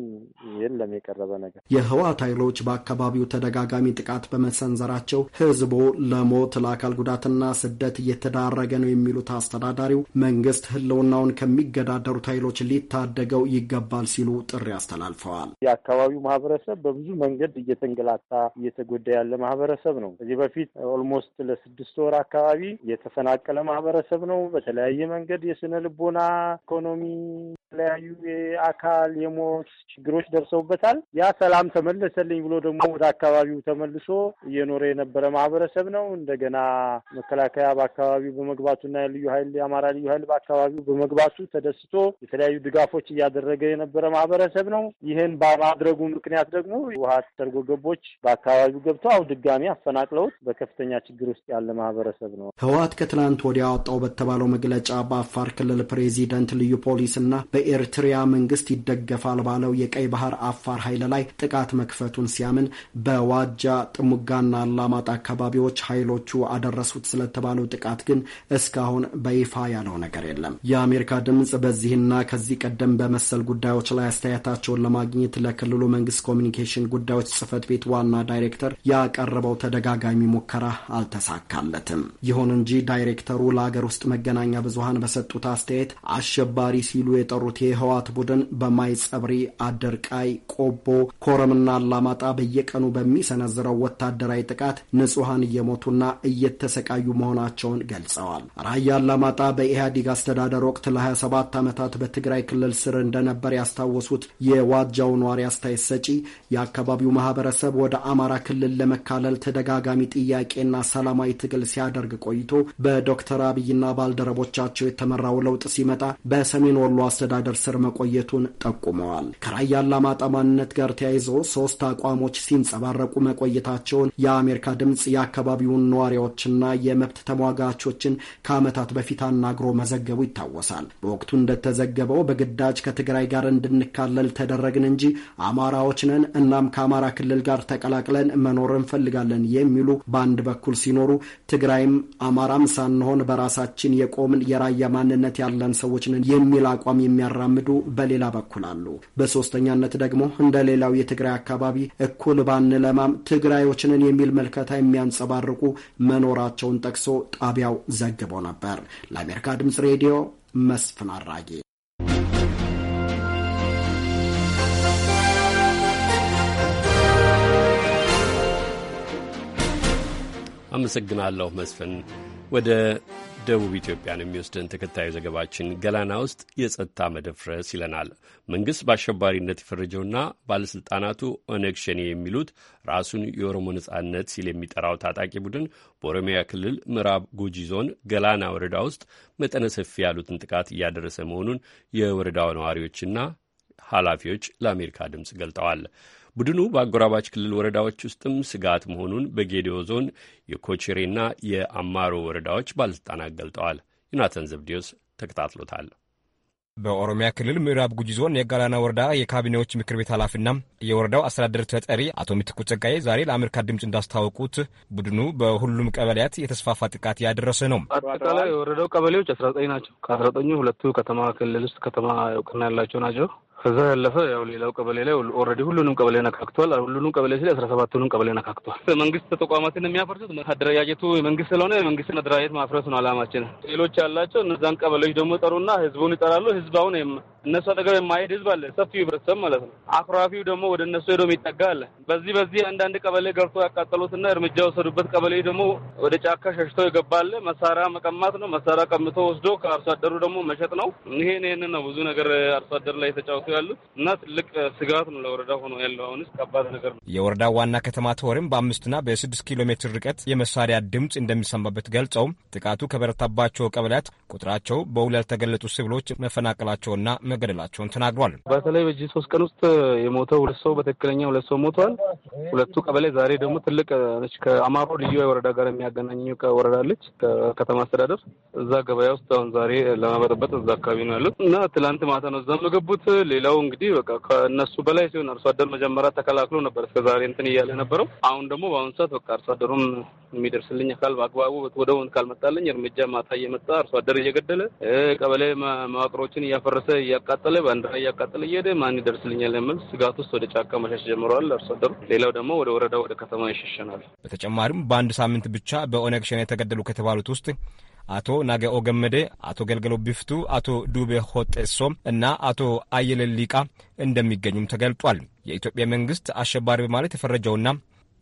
S11: የለም የቀረበ ነገር።
S9: የህወሓት ኃይሎች በአካባቢው ተደጋጋሚ ጥቃት በመሰንዘራቸው ህዝቡ ለሞት ለአካል ጉዳትና ስደት እየተዳረገ ነው የሚሉት አስተዳዳሪው መንግስት ህልውናውን ከሚገዳደሩት ኃይሎች ሊታደገው ይገባል ሲሉ ጥሪ አስተላልፈዋል።
S11: የአካባቢው ማህበረሰብ በብዙ መንገድ እየተንገላታ እየተጎዳ ያለ ማህበረሰብ ነው። ከዚህ በፊት ኦልሞስት ለስድስት ወር አካባቢ የተፈናቀለ ማህበረሰብ ነው። በተለያየ መንገድ የስነ ልቦና፣ ኢኮኖሚ፣ የተለያዩ የአካል የሞት ችግሮች ደርሰውበታል። ያ ሰላም ተመለሰልኝ ብሎ ደግሞ ወደ አካባቢው ተመልሶ እየኖረ የነበረ ማህበረሰብ ነው። እንደገና መከላከያ በአካባቢው በመግባቱና ልዩ ኃይል የአማራ ልዩ ኃይል በአካባቢው በመግባቱ ተደስቶ የተለያዩ ድጋፎች እያደረገ የነበረ ማህበረሰብ ነው። ይህን በማድረጉ ምክንያት ደግሞ ህወሓት ሰርጎ ገቦች በአካባቢው ገብተው አሁን ድጋሚ አፈናቅለውት በከፍተኛ ችግር ውስጥ ያለ ማህበረሰብ
S9: ነው። ህወሓት ከትናንት ወዲያ ወጣው በተባለው መግለጫ በአፋር ክልል ፕሬዚደንት ልዩ ፖሊስና በኤርትሪያ መንግስት ይደገፋል ባለው የቀይ ባህር አፋር ኃይል ላይ ጥቃት መክፈቱን ሲያምን በዋጃ ጥሙ ሙጋና አላማጣ አካባቢዎች ኃይሎቹ አደረሱት ስለተባለው ጥቃት ግን እስካሁን በይፋ ያለው ነገር የለም። የአሜሪካ ድምፅ በዚህና ከዚህ ቀደም በመሰል ጉዳዮች ላይ አስተያየታቸውን ለማግኘት ለክልሉ መንግስት ኮሚኒኬሽን ጉዳዮች ጽህፈት ቤት ዋና ዳይሬክተር ያቀረበው ተደጋጋሚ ሙከራ አልተሳካለትም። ይሁን እንጂ ዳይሬክተሩ ለአገር ውስጥ መገናኛ ብዙሃን በሰጡት አስተያየት አሸባሪ ሲሉ የጠሩት የህወሓት ቡድን በማይጸብሪ፣ አደርቃይ፣ ቆቦ፣ ኮረምና አላማጣ በየቀኑ በሚሰነዝረው ወታደራዊ ጥቃት ንጹሐን እየሞቱና እየተሰቃዩ መሆናቸውን ገልጸዋል። ራያ አላማጣ በኢህአዴግ አስተዳደር ወቅት ለ27 ዓመታት በትግራይ ክልል ስር እንደነበር ያስታወሱት የዋጃው ነዋሪ አስተያየት ሰጪ የአካባቢው ማህበረሰብ ወደ አማራ ክልል ለመካለል ተደጋጋሚ ጥያቄና ሰላማዊ ትግል ሲያደርግ ቆይቶ በዶክተር አብይና ባልደረቦቻቸው የተመራው ለውጥ ሲመጣ በሰሜን ወሎ አስተዳደር ስር መቆየቱን ጠቁመዋል። ከራያ አላማጣ ማንነት ጋር ተያይዞ ሶስት አቋሞች ሲንጸባረቁ መቆየታቸው መሆናቸውን የአሜሪካ ድምፅ የአካባቢውን ነዋሪዎችና የመብት ተሟጋቾችን ከዓመታት በፊት አናግሮ መዘገቡ ይታወሳል። በወቅቱ እንደተዘገበው በግዳጅ ከትግራይ ጋር እንድንካለል ተደረግን እንጂ አማራዎች ነን፣ እናም ከአማራ ክልል ጋር ተቀላቅለን መኖር እንፈልጋለን የሚሉ በአንድ በኩል ሲኖሩ ትግራይም አማራም ሳንሆን በራሳችን የቆምን የራያ ማንነት ያለን ሰዎች ነን የሚል አቋም የሚያራምዱ በሌላ በኩል አሉ። በሶስተኛነት ደግሞ እንደ ሌላው የትግራይ አካባቢ እኩል ባንለማም ትግራዮ ጉዳዮችንን የሚል መልከታ የሚያንጸባርቁ መኖራቸውን ጠቅሶ ጣቢያው ዘግቦ ነበር። ለአሜሪካ ድምፅ ሬዲዮ መስፍን አራጌ።
S1: አመሰግናለሁ መስፍን። ወደ ደቡብ ኢትዮጵያን የሚወስደን ተከታዩ ዘገባችን ገላና ውስጥ የጸጥታ መደፍረስ ይለናል። መንግሥት በአሸባሪነት የፈረጀውና ባለሥልጣናቱ ኦነግ ሸኔ የሚሉት ራሱን የኦሮሞ ነጻነት ሲል የሚጠራው ታጣቂ ቡድን በኦሮሚያ ክልል ምዕራብ ጉጂ ዞን ገላና ወረዳ ውስጥ መጠነ ሰፊ ያሉትን ጥቃት እያደረሰ መሆኑን የወረዳው ነዋሪዎችና ኃላፊዎች ለአሜሪካ ድምፅ ገልጠዋል። ቡድኑ በአጎራባች ክልል ወረዳዎች ውስጥም ስጋት መሆኑን በጌዲዮ ዞን የኮችሬና የአማሮ ወረዳዎች ባለሥልጣናት ገልጠዋል። ዩናተን ዘብዲዮስ ተከታትሎታል።
S12: በኦሮሚያ ክልል ምዕራብ ጉጂ ዞን የጋላና ወረዳ የካቢኔዎች ምክር ቤት ኃላፊና የወረዳው አስተዳደር ተጠሪ አቶ ምትኩ ጸጋዬ ዛሬ ለአሜሪካ ድምፅ እንዳስታወቁት ቡድኑ በሁሉም ቀበሌያት የተስፋፋ ጥቃት ያደረሰ ነው።
S13: አጠቃላይ የወረዳው ቀበሌዎች አስራ ዘጠኝ ናቸው። ከአስራ ዘጠኙ ሁለቱ ከተማ ክልል ውስጥ ከተማ እውቅና ያላቸው ናቸው። ከዛ ያለፈ ያው ሌላው ቀበሌ ላይ ኦልሬዲ ሁሉንም ቀበሌ ነካክቷል። ሁሉንም ቀበሌ ሲል አስራ ሰባቱንም ቀበሌ ነካክቷል። መንግስት ተቋማትን የሚያፈርሱት አደረጃጀቱ መንግስት ስለሆነ የመንግስትን አደረጃጀት ማፍረስ ነው አላማችን። ሌሎች ያላቸው እነዛን ቀበሌዎች ደግሞ ጠሩና ህዝቡን ይጠራሉ። ህዝብ አሁን እነሱ አጠገብ የማይሄድ ህዝብ አለ፣ ሰፊው ህብረተሰብ ማለት ነው። አኩራፊው ደግሞ ወደ እነሱ ሄዶ የሚጠጋ አለ። በዚህ በዚህ አንዳንድ ቀበሌ ገብቶ ያቃጠሉትና እርምጃ ወሰዱበት ቀበሌ ደግሞ ወደ ጫካ ሸሽቶ ይገባል። መሳሪያ መቀማት ነው። መሳሪያ ቀምቶ ወስዶ ከአርሶ አደሩ ደግሞ መሸጥ ነው። ይሄን ይህንን ነው ብዙ ነገር አርሶ አደር ላይ የተጫወቱ ያሉት እና ትልቅ ስጋት ነው ለወረዳ ሆኖ ያለው አሁንስ ከባድ ነገር ነው።
S12: የወረዳ ዋና ከተማ ተወርም በአምስትና በስድስት ኪሎ ሜትር ርቀት የመሳሪያ ድምፅ እንደሚሰማበት ገልጸው ጥቃቱ ከበረታባቸው ቀበሌያት ቁጥራቸው በውል ያልተገለጡ ስብሎች መፈናቀላቸውና መገደላቸውን ተናግሯል።
S13: በተለይ በዚህ ሶስት ቀን ውስጥ የሞተው ሁለት ሰው በትክክለኛ ሁለት ሰው ሞተዋል። ሁለቱ ቀበሌ ዛሬ ደግሞ ትልቅ ከአማሮ ልዩ ወረዳ ጋር የሚያገናኙ ወረዳ አለች ከተማ አስተዳደር እዛ ገበያ ውስጥ አሁን ዛሬ ለማበጠበጥ እዛ አካባቢ ነው ያሉት እና ትላንት ማታ ነው እዛም የገቡት ሌላ ሌላው እንግዲህ በቃ ከእነሱ በላይ ሲሆን አርሶ አደር መጀመሪያ ተከላክሎ ነበር ዛሬ እንትን እያለ ነበረው። አሁን ደግሞ በአሁኑ ሰዓት በቃ አርሶ አደሩም የሚደርስልኝ አካል በአግባቡ ወደውን ካልመጣልኝ እርምጃ ማታ እየመጣ አርሶ አደር እየገደለ ቀበሌ መዋቅሮችን እያፈረሰ እያቃጠለ ባንዲራ እያቃጠለ እየሄደ ማን ይደርስልኛል የምል ስጋት ውስጥ ወደ ጫካ መሸሽ ጀምረዋል አርሶ አደሩ። ሌላው ደግሞ ወደ ወረዳ ወደ ከተማ ይሸሸናል።
S12: በተጨማሪም በአንድ ሳምንት ብቻ በኦነግ ሸኔ የተገደሉ ከተባሉት ውስጥ አቶ ናገኦ ገመዴ፣ አቶ ገልገሎ ቢፍቱ፣ አቶ ዱቤ ሆጤሶ እና አቶ አየለ ሊቃ እንደሚገኙም ተገልጧል። የኢትዮጵያ መንግስት አሸባሪ በማለት የፈረጀውና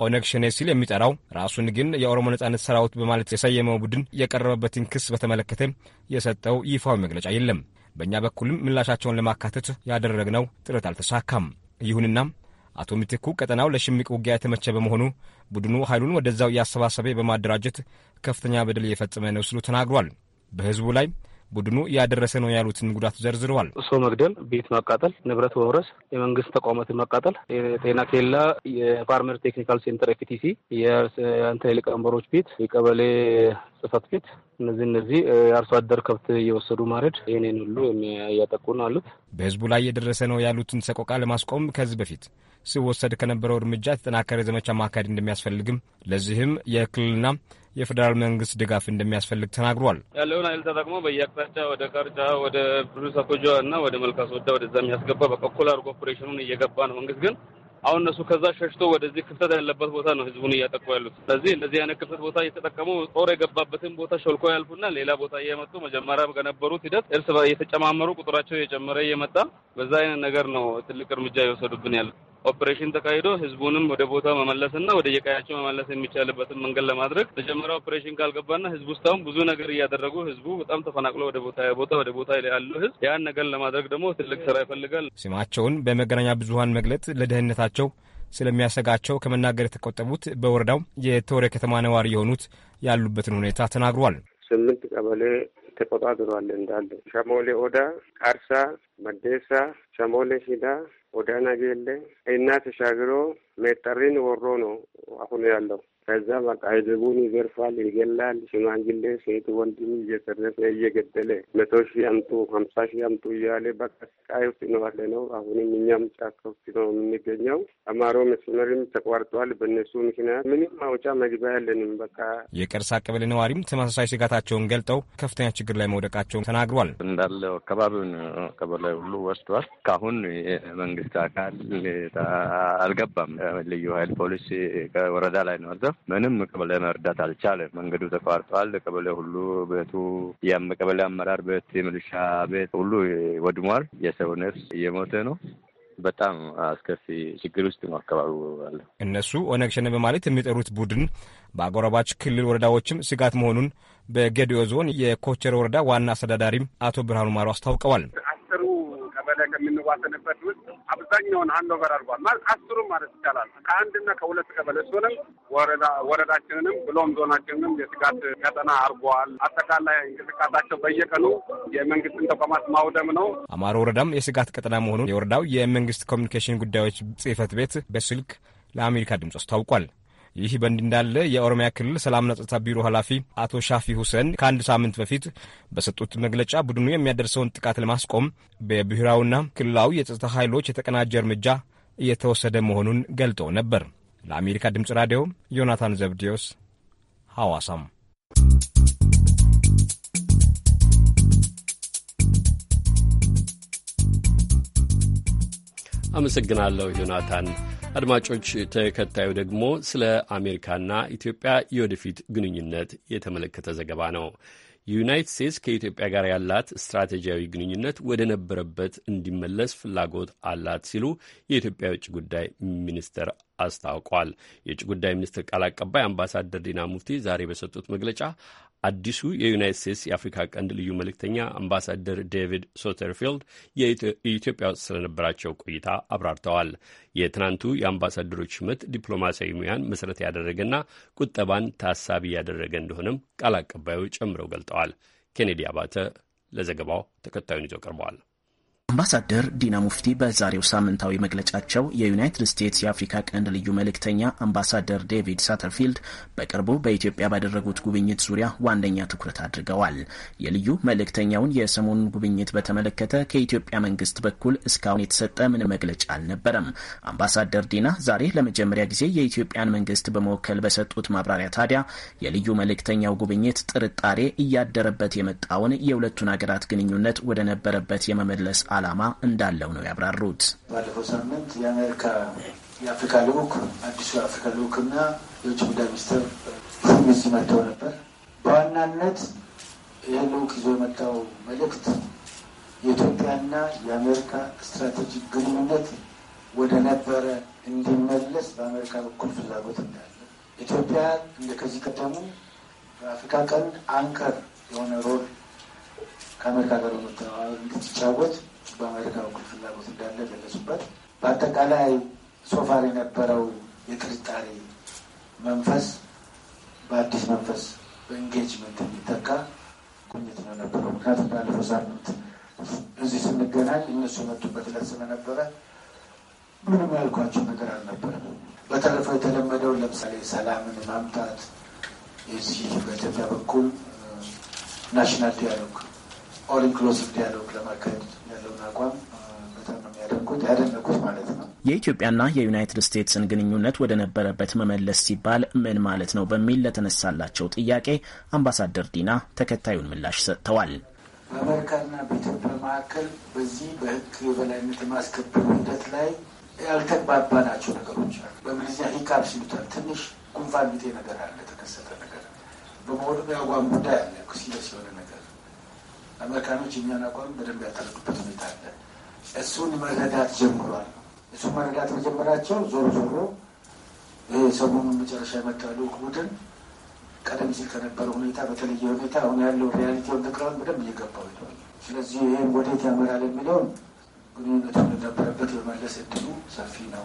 S12: ኦነግ ሸኔ ሲል የሚጠራው ራሱን ግን የኦሮሞ ነጻነት ሰራዊት በማለት የሰየመው ቡድን የቀረበበትን ክስ በተመለከተ የሰጠው ይፋዊ መግለጫ የለም። በእኛ በኩልም ምላሻቸውን ለማካተት ያደረግነው ጥረት አልተሳካም። ይሁንና አቶ ምትኩ ቀጠናው ለሽምቅ ውጊያ የተመቸ በመሆኑ ቡድኑ ኃይሉን ወደዛው እያሰባሰበ በማደራጀት ከፍተኛ በደል እየፈጸመ ነው ሲሉ ተናግሯል። በህዝቡ ላይ ቡድኑ እያደረሰ ነው ያሉትን ጉዳት ዘርዝረዋል። ሰው መግደል፣
S13: ቤት ማቃጠል፣ ንብረት መውረስ፣ የመንግስት ተቋማትን ማቃጠል፣ የጤና ኬላ፣ የፋርመር ቴክኒካል ሴንተር ኤፍቲሲ፣ የአንተ ሊቀመንበሮች ቤት፣ የቀበሌ ጽህፈት ቤት እነዚህ እነዚህ የአርሶ አደር ከብት እየወሰዱ ማረድ ይህንን ሁሉ እያጠቁን አሉት።
S12: በህዝቡ ላይ እየደረሰ ነው ያሉትን ሰቆቃ ለማስቆም ከዚህ በፊት ሲወሰድ ከነበረው እርምጃ የተጠናከረ ዘመቻ ማካሄድ እንደሚያስፈልግም ለዚህም የክልልና የፌዴራል መንግስት ድጋፍ እንደሚያስፈልግ ተናግሯል።
S13: ያለውን ኃይል ተጠቅሞ በየአቅጣጫ ወደ ቀርጫ፣ ወደ ብሉ ሰኮጆ እና ወደ መልካስወዳ ወደዛ የሚያስገባ በኮኮላር ኮርፖሬሽኑን እየገባ ነው። መንግስት ግን አሁን እነሱ ከዛ ሸሽቶ ወደዚህ ክፍተት ያለበት ቦታ ነው ህዝቡን እያጠቁ ያሉት። ስለዚህ እንደዚህ አይነት ክፍተት ቦታ እየተጠቀሙ ጦር የገባበትን ቦታ ሾልኮ ያልፉና ሌላ ቦታ እየመጡ መጀመሪያ ከነበሩት ሂደት እርስ እየተጨማመሩ ቁጥራቸው እየጨመረ እየመጣ በዛ አይነት ነገር ነው ትልቅ እርምጃ እየወሰዱብን ያሉት። ኦፕሬሽን ተካሂዶ ህዝቡንም ወደ ቦታ መመለስና ወደ የቀያቸው መመለስ የሚቻልበትን መንገድ ለማድረግ መጀመሪያ ኦፕሬሽን ካልገባና ህዝቡ እስካሁን ብዙ ነገር እያደረጉ ህዝቡ በጣም ተፈናቅሎ ወደ ቦታ ቦታ ወደ ቦታ ያለው ህዝብ ያን ነገር ለማድረግ ደግሞ
S12: ትልቅ ስራ ይፈልጋል። ስማቸውን በመገናኛ ብዙሀን መግለጽ ለደህንነታቸው መሆናቸው ስለሚያሰጋቸው ከመናገር የተቆጠቡት በወረዳው የተወረ ከተማ ነዋሪ የሆኑት ያሉበትን ሁኔታ ተናግሯል።
S11: ስምንት ቀበሌ ተቆጣጥሯል። እንዳለ ሸሞሌ ኦዳ፣ ቃርሳ፣ መዴሳ፣ ሸሞሌ ሂዳ፣ ኦዳ ናጌሌ እና ተሻግሮ ሜጠሪን ወሮ ነው አሁን ያለው ከዛ በቃ ህዝቡን ይገርፋል፣ ይገላል። ሽማግሌ ሴት ወንድም እየተረፈ እየገደለ መቶ ሺ አምጡ ሀምሳ ሺ አምጡ እያለ በቃ ስቃይ ውስጥ ነው ያለ ነው። አሁንም እኛም ጫካ ውስጥ ነው የምንገኘው። አማሮ መስመርም ተቋርጧል። በእነሱ ምክንያት ምንም ማውጫ መግቢያ ያለንም በቃ
S12: የቀርሳ ቀበሌ ነዋሪም ተመሳሳይ ስጋታቸውን ገልጠው ከፍተኛ ችግር ላይ መውደቃቸውን ተናግሯል። እንዳለው አካባቢውን ቀበሌ
S13: ሁሉ ወስዷል። ካሁን የመንግስት አካል አልገባም። ልዩ ሀይል ፖሊስ ወረዳ ላይ ነው ምንም ቀበሌ መርዳት አልቻለም። መንገዱ ተቋርጧል። ቀበሌ ሁሉ ቤቱ የቀበሌ አመራር ቤት፣ የሚሊሻ ቤት ሁሉ ወድሟል። የሰው ነፍስ እየሞተ ነው። በጣም አስከፊ ችግር ውስጥ ነው አካባቢው አለ።
S12: እነሱ ኦነግ ሸኔ በማለት የሚጠሩት ቡድን በአጎራባች ክልል ወረዳዎችም ስጋት መሆኑን በጌዲዮ ዞን የኮቸር ወረዳ ዋና አስተዳዳሪም አቶ ብርሃኑ ማሩ አስታውቀዋል።
S11: አስሩ
S14: ቀበሌ ከምንዋሰንበት ውስጥ አብዛኛውን ሃንዶቨር አድርጓል ማለት አስሩም ማለት ይቻላል ከአንድና ከሁለት ቀበሌ ሲሆንም ወረዳችንንም ብሎም ዞናችንንም የስጋት ቀጠና አድርጓል። አጠቃላይ እንቅስቃሴያቸው በየቀኑ የመንግስትን ተቋማት ማውደም ነው።
S12: አማሮ ወረዳም የስጋት ቀጠና መሆኑን የወረዳው የመንግስት ኮሚኒኬሽን ጉዳዮች ጽህፈት ቤት በስልክ ለአሜሪካ ድምፅ አስታውቋል። ይህ በእንዲህ እንዳለ የኦሮሚያ ክልል ሰላምና ጸጥታ ቢሮ ኃላፊ አቶ ሻፊ ሁሴን ከአንድ ሳምንት በፊት በሰጡት መግለጫ ቡድኑ የሚያደርሰውን ጥቃት ለማስቆም በብሔራዊና ክልላዊ የጸጥታ ኃይሎች የተቀናጀ እርምጃ እየተወሰደ መሆኑን ገልጠው ነበር። ለአሜሪካ ድምፅ ራዲዮ ዮናታን ዘብዲዮስ ሐዋሳም።
S1: አመሰግናለሁ ዮናታን። አድማጮች፣ ተከታዩ ደግሞ ስለ አሜሪካና ኢትዮጵያ የወደፊት ግንኙነት የተመለከተ ዘገባ ነው። ዩናይትድ ስቴትስ ከኢትዮጵያ ጋር ያላት ስትራቴጂያዊ ግንኙነት ወደ ነበረበት እንዲመለስ ፍላጎት አላት ሲሉ የኢትዮጵያ የውጭ ጉዳይ ሚኒስትር አስታውቋል። የውጭ ጉዳይ ሚኒስትር ቃል አቀባይ አምባሳደር ዲና ሙፍቲ ዛሬ በሰጡት መግለጫ አዲሱ የዩናይት ስቴትስ የአፍሪካ ቀንድ ልዩ መልእክተኛ አምባሳደር ዴቪድ ሶተርፊልድ የኢትዮጵያ ውስጥ ስለነበራቸው ቆይታ አብራርተዋል። የትናንቱ የአምባሳደሮች ሹመት ዲፕሎማሲያዊ ሙያን መሠረት ያደረገና ቁጠባን ታሳቢ ያደረገ እንደሆነም ቃል አቀባዩ ጨምረው ገልጠዋል። ኬኔዲ አባተ ለዘገባው ተከታዩን ይዞ ቀርበዋል።
S5: አምባሳደር ዲና ሙፍቲ በዛሬው ሳምንታዊ መግለጫቸው የዩናይትድ ስቴትስ የአፍሪካ ቀንድ ልዩ መልእክተኛ አምባሳደር ዴቪድ ሳተርፊልድ በቅርቡ በኢትዮጵያ ባደረጉት ጉብኝት ዙሪያ ዋነኛ ትኩረት አድርገዋል። የልዩ መልእክተኛውን የሰሞኑን ጉብኝት በተመለከተ ከኢትዮጵያ መንግስት በኩል እስካሁን የተሰጠ ምንም መግለጫ አልነበረም። አምባሳደር ዲና ዛሬ ለመጀመሪያ ጊዜ የኢትዮጵያን መንግስት በመወከል በሰጡት ማብራሪያ ታዲያ የልዩ መልእክተኛው ጉብኝት ጥርጣሬ እያደረበት የመጣውን የሁለቱን ሀገራት ግንኙነት ወደ ነበረበት የመመለስ አለ ዓላማ እንዳለው ነው ያብራሩት። ባለፈው ሳምንት የአሜሪካ የአፍሪካ ልዑክ አዲሱ የአፍሪካ ልዑክና የውጭ ጉዳይ ሚኒስትር እዚህ መጥተው ነበር። በዋናነት ይህ ልዑክ ይዞ የመጣው መልእክት የኢትዮጵያና የአሜሪካ ስትራቴጂክ ግንኙነት ወደ ነበረ እንዲመለስ በአሜሪካ በኩል ፍላጎት እንዳለ ኢትዮጵያ እንደ ከዚህ ቀደሙ በአፍሪካ ቀንድ አንከር
S15: የሆነ ሮል ከአሜሪካ ጋር በመተባበር እንድትጫወት በአሜሪካ በኩል ፍላጎት እንዳለ ገለጹበት። በአጠቃላይ ሶፋር የነበረው የጥርጣሬ መንፈስ በአዲስ መንፈስ በኢንጌጅመንት የሚተካ ጉብኝት ነው ነበረው። ምክንያቱም ባለፈው ሳምንት እዚህ ስንገናኝ እነሱ የመጡበት ዕለት ስለነበረ ምንም ያልኳቸው ነገር አልነበረም። በተረፈ የተለመደው ለምሳሌ ሰላምን ማምጣት የዚህ በኢትዮጵያ በኩል ናሽናል ዲያሎግ ኦል ኢንክሉሲቭ ዲያሎግ ለማካሄድ ያለውን አቋም
S5: የኢትዮጵያና የዩናይትድ ስቴትስን ግንኙነት ወደ ነበረበት መመለስ ሲባል ምን ማለት ነው በሚል ለተነሳላቸው ጥያቄ አምባሳደር ዲና ተከታዩን ምላሽ ሰጥተዋል።
S15: በአሜሪካና በኢትዮጵያ መካከል በዚህ በሕግ የበላይነት የማስከበር ሂደት ላይ ያልተግባባ ናቸው ነገሮች አሉ። በእንግሊዝኛ ሂካፕስ ይሉታል። ትንሽ ጉንፋን ቢጤ ነገር አለ፣ ተከሰተ ነገር በመሆኑ ያጓም ጉዳይ አለ ሲለስ ሲሆነ ነገር አሜሪካኖች እኛን አቋም በደንብ ያተረዱበት ሁኔታ አለ። እሱን መረዳት ጀምሯል። እሱ መረዳት መጀመራቸው ዞሮ ዞሮ ሰሞኑን መጨረሻ የመጣው ቡድን ቀደም ሲል ከነበረው ሁኔታ በተለየ ሁኔታ አሁን ያለው ሪያሊቲ ኦንደግራውንድ በደንብ እየገባው ሄደዋል። ስለዚህ ይህም ወዴት ያመራል የሚለውን
S5: ግንኙነቱ እንደነበረበት የመለስ እድሉ ሰፊ ነው።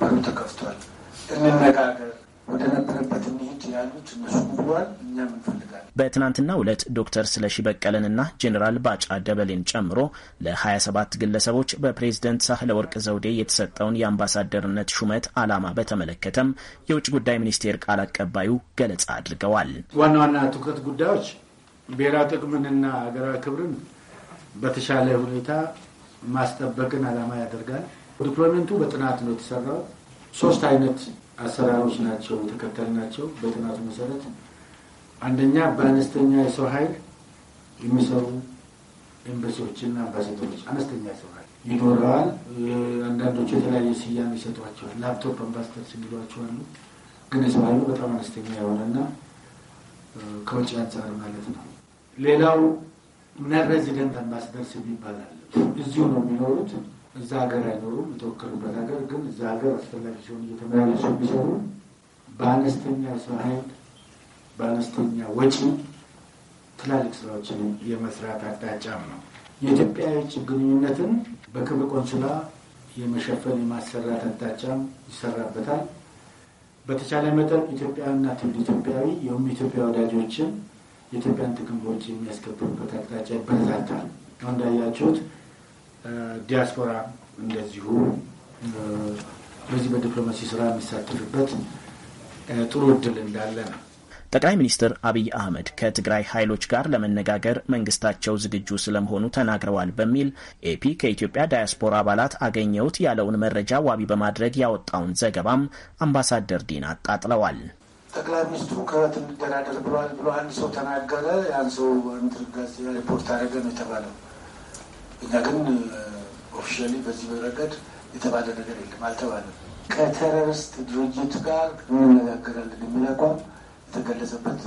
S5: በሩ ተከፍቷል። እንነጋገር ወደ ነበረበት ያሉት እነሱ እኛም እንፈልጋለን። ዕለት ዶክተር ስለሺ በቀለንና ጄኔራል ባጫ ደበሌን ጨምሮ ለ27 ግለሰቦች በፕሬዝደንት ሳህለወርቅ ዘውዴ የተሰጠውን የአምባሳደርነት ሹመት ዓላማ በተመለከተም የውጭ ጉዳይ ሚኒስቴር ቃል አቀባዩ ገለጻ አድርገዋል።
S15: ዋና ዋና ትኩረት ጉዳዮች ብሔራዊ ጥቅምንና ሀገራዊ ክብርን በተሻለ ሁኔታ ማስጠበቅን ዓላማ ያደርጋል። ዲፕሎሜንቱ በጥናት ነው የተሰራው። ሶስት አይነት አሰራሮች ናቸው የተከተል ናቸው። በጥናቱ መሰረት አንደኛ በአነስተኛ የሰው ኃይል የሚሰሩ ኤምባሲዎችና አምባሳደሮች አነስተኛ የሰው ኃይል ይኖረዋል። አንዳንዶቹ የተለያየ ስያሜ ይሰጧቸዋል። ላፕቶፕ አምባሳደርስ የሚሏቸው አሉ። ግን የሰው ኃይሉ በጣም አነስተኛ የሆነና ከውጭ አንጻር ማለት ነው። ሌላው ነን ሬዚደንት አምባሳደርስ ይባላል። እዚሁ ነው የሚኖሩት እዛ ሀገር አይኖሩም፣ የተወከሉበት ሀገር ግን እዛ ሀገር አስፈላጊ ሲሆን እየተመላለሱ የሚሰሩ በአነስተኛ ሰው ኃይል በአነስተኛ ወጪ ትላልቅ ስራዎችን የመስራት አቅጣጫም ነው። የኢትዮጵያ የውጭ ግንኙነትን በክብር ቆንስላ የመሸፈን የማሰራት አቅጣጫም ይሰራበታል። በተቻለ መጠን ኢትዮጵያና ትውልድ ኢትዮጵያዊ የሁም ኢትዮጵያ ወዳጆችን የኢትዮጵያን ጥቅም በውጭ የሚያስከብሩበት አቅጣጫ ይበረታታል። አሁን እንዳያችሁት ዲያስፖራ እንደዚሁ በዚህ በዲፕሎማሲ ስራ የሚሳተፍበት ጥሩ እድል እንዳለ ነው።
S5: ጠቅላይ ሚኒስትር አብይ አህመድ ከትግራይ ኃይሎች ጋር ለመነጋገር መንግስታቸው ዝግጁ ስለመሆኑ ተናግረዋል በሚል ኤፒ ከኢትዮጵያ ዳያስፖራ አባላት አገኘሁት ያለውን መረጃ ዋቢ በማድረግ ያወጣውን ዘገባም አምባሳደር ዲና አጣጥለዋል።
S15: ጠቅላይ ሚኒስትሩ ከት እንደራደር ብሏል ብሎ አንድ ሰው ተናገረ። ያን ሰው ሪፖርት አደረገ ነው የተባለው እኛ ግን ኦፊሻሊ በዚህ ረገድ የተባለ ነገር የለም፣ አልተባለም። ከቴረሪስት ድርጅት ጋር እንነጋገራለን የሚል አቋም የተገለጸበት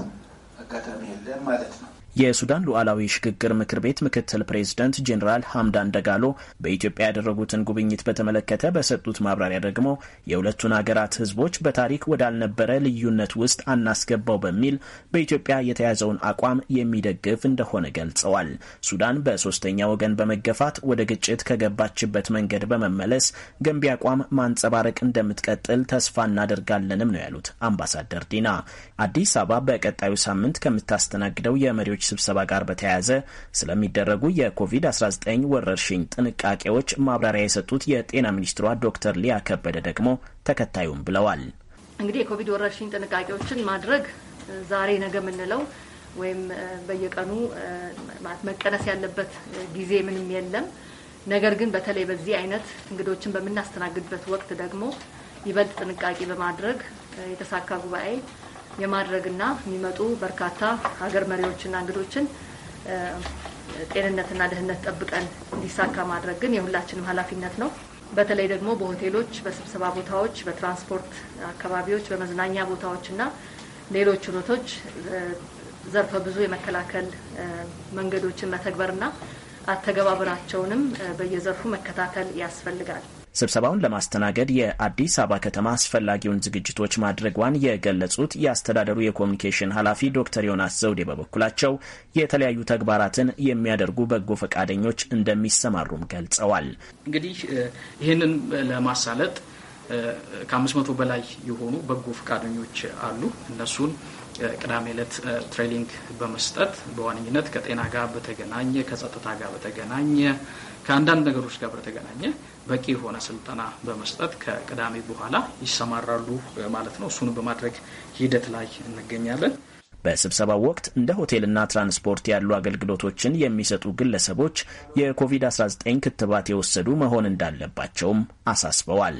S15: አጋጣሚ የለም ማለት
S5: ነው። የሱዳን ሉዓላዊ ሽግግር ምክር ቤት ምክትል ፕሬዝደንት ጄኔራል ሀምዳን ደጋሎ በኢትዮጵያ ያደረጉትን ጉብኝት በተመለከተ በሰጡት ማብራሪያ ደግሞ የሁለቱን ሀገራት ህዝቦች በታሪክ ወዳልነበረ ልዩነት ውስጥ አናስገባው በሚል በኢትዮጵያ የተያዘውን አቋም የሚደግፍ እንደሆነ ገልጸዋል። ሱዳን በሶስተኛ ወገን በመገፋት ወደ ግጭት ከገባችበት መንገድ በመመለስ ገንቢ አቋም ማንጸባረቅ እንደምትቀጥል ተስፋ እናደርጋለንም ነው ያሉት አምባሳደር ዲና። አዲስ አበባ በቀጣዩ ሳምንት ከምታስተናግደው የመሪዎች ስብሰባ ጋር በተያያዘ ስለሚደረጉ የኮቪድ-19 ወረርሽኝ ጥንቃቄዎች ማብራሪያ የሰጡት የጤና ሚኒስትሯ ዶክተር ሊያ ከበደ ደግሞ ተከታዩም ብለዋል።
S16: እንግዲህ የኮቪድ ወረርሽኝ ጥንቃቄዎችን ማድረግ ዛሬ ነገ የምንለው ወይም በየቀኑ መቀነስ ያለበት ጊዜ ምንም የለም። ነገር ግን በተለይ በዚህ አይነት እንግዶችን በምናስተናግድበት ወቅት ደግሞ ይበልጥ ጥንቃቄ በማድረግ የተሳካ ጉባኤ የማድረግና የሚመጡ በርካታ ሀገር መሪዎችና እንግዶችን ጤንነትና ደህንነት ጠብቀን እንዲሳካ ማድረግ ግን የሁላችንም ኃላፊነት ነው። በተለይ ደግሞ በሆቴሎች፣ በስብሰባ ቦታዎች፣ በትራንስፖርት አካባቢዎች፣ በመዝናኛ ቦታዎችና ሌሎች ሁነቶች ዘርፈ ብዙ የመከላከል መንገዶችን መተግበርና አተገባበራቸውንም በየዘርፉ መከታተል ያስፈልጋል።
S5: ስብሰባውን ለማስተናገድ የአዲስ አበባ ከተማ አስፈላጊውን ዝግጅቶች ማድረጓን የገለጹት የአስተዳደሩ የኮሚኒኬሽን ኃላፊ ዶክተር ዮናስ ዘውዴ በበኩላቸው የተለያዩ ተግባራትን የሚያደርጉ በጎ ፈቃደኞች እንደሚሰማሩም ገልጸዋል።
S17: እንግዲህ ይህንን ለማሳለጥ ከአምስት መቶ በላይ የሆኑ በጎ ፈቃደኞች አሉ። እነሱን ቅዳሜ ዕለት ትሬኒንግ በመስጠት በዋነኝነት ከጤና ጋር በተገናኘ ከጸጥታ ጋር በተገናኘ ከአንዳንድ ነገሮች ጋር በተገናኘ በቂ የሆነ ስልጠና በመስጠት ከቅዳሜ በኋላ ይሰማራሉ ማለት ነው። እሱን በማድረግ ሂደት ላይ እንገኛለን።
S5: በስብሰባው ወቅት እንደ ሆቴልና ትራንስፖርት ያሉ አገልግሎቶችን የሚሰጡ ግለሰቦች የኮቪድ-19 ክትባት የወሰዱ መሆን እንዳለባቸውም አሳስበዋል።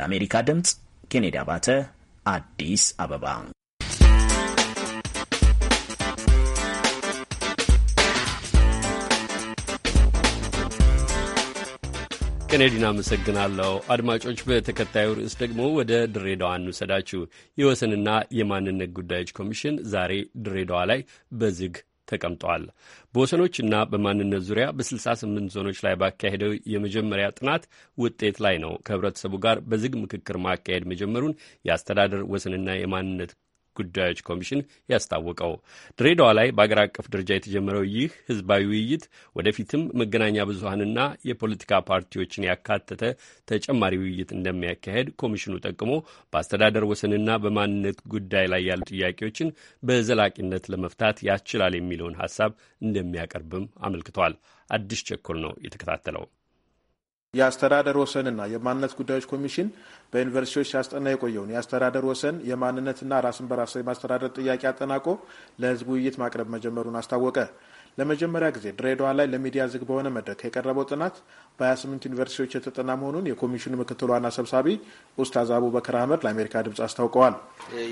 S5: ለአሜሪካ ድምፅ ኬኔዲ አባተ አዲስ አበባ
S1: ቀኔዲን አመሰግናለሁ። አድማጮች፣ በተከታዩ ርዕስ ደግሞ ወደ ድሬዳዋ እንውሰዳችሁ። የወሰንና የማንነት ጉዳዮች ኮሚሽን ዛሬ ድሬዳዋ ላይ በዝግ ተቀምጠዋል። በወሰኖችና በማንነት ዙሪያ በ68 ዞኖች ላይ ባካሄደው የመጀመሪያ ጥናት ውጤት ላይ ነው ከህብረተሰቡ ጋር በዝግ ምክክር ማካሄድ መጀመሩን የአስተዳደር ወሰንና የማንነት ጉዳዮች ኮሚሽን ያስታወቀው። ድሬዳዋ ላይ በአገር አቀፍ ደረጃ የተጀመረው ይህ ህዝባዊ ውይይት ወደፊትም መገናኛ ብዙሀንና የፖለቲካ ፓርቲዎችን ያካተተ ተጨማሪ ውይይት እንደሚያካሄድ ኮሚሽኑ ጠቅሞ በአስተዳደር ወሰንና በማንነት ጉዳይ ላይ ያሉ ጥያቄዎችን በዘላቂነት ለመፍታት ያስችላል የሚለውን ሀሳብ እንደሚያቀርብም አመልክቷል። አዲስ ቸኮል ነው የተከታተለው።
S6: የአስተዳደር ወሰንና የማንነት ጉዳዮች ኮሚሽን በዩኒቨርሲቲዎች ሲያስጠና የቆየውን የአስተዳደር ወሰን የማንነትና ራስን በራስ የማስተዳደር ጥያቄ አጠናቆ ለሕዝብ ውይይት ማቅረብ መጀመሩን አስታወቀ። ለመጀመሪያ ጊዜ ድሬዳዋ ላይ ለሚዲያ ዝግ በሆነ መድረክ የቀረበው ጥናት በ28 ዩኒቨርሲቲዎች የተጠና መሆኑን የኮሚሽኑ ምክትል ዋና ሰብሳቢ ኡስታዝ አቡበከር አህመድ ለአሜሪካ ድምፅ አስታውቀዋል።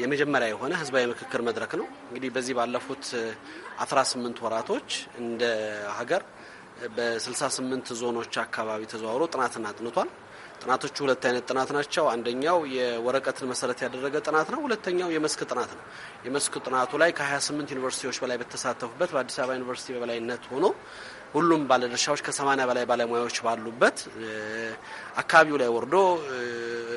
S14: የመጀመሪያ የሆነ ህዝባዊ ምክክር መድረክ ነው። እንግዲህ በዚህ ባለፉት 18 ወራቶች እንደ ሀገር በ68 ዞኖች አካባቢ ተዘዋውሮ ጥናትን አጥንቷል። ጥናቶቹ ሁለት አይነት ጥናት ናቸው። አንደኛው የወረቀትን መሰረት ያደረገ ጥናት ነው። ሁለተኛው የመስክ ጥናት ነው። የመስክ ጥናቱ ላይ ከ28 ዩኒቨርሲቲዎች በላይ በተሳተፉበት በአዲስ አበባ ዩኒቨርሲቲ በበላይነት ሆኖ ሁሉም ባለድርሻዎች ከ80 በላይ ባለሙያዎች ባሉበት አካባቢው ላይ ወርዶ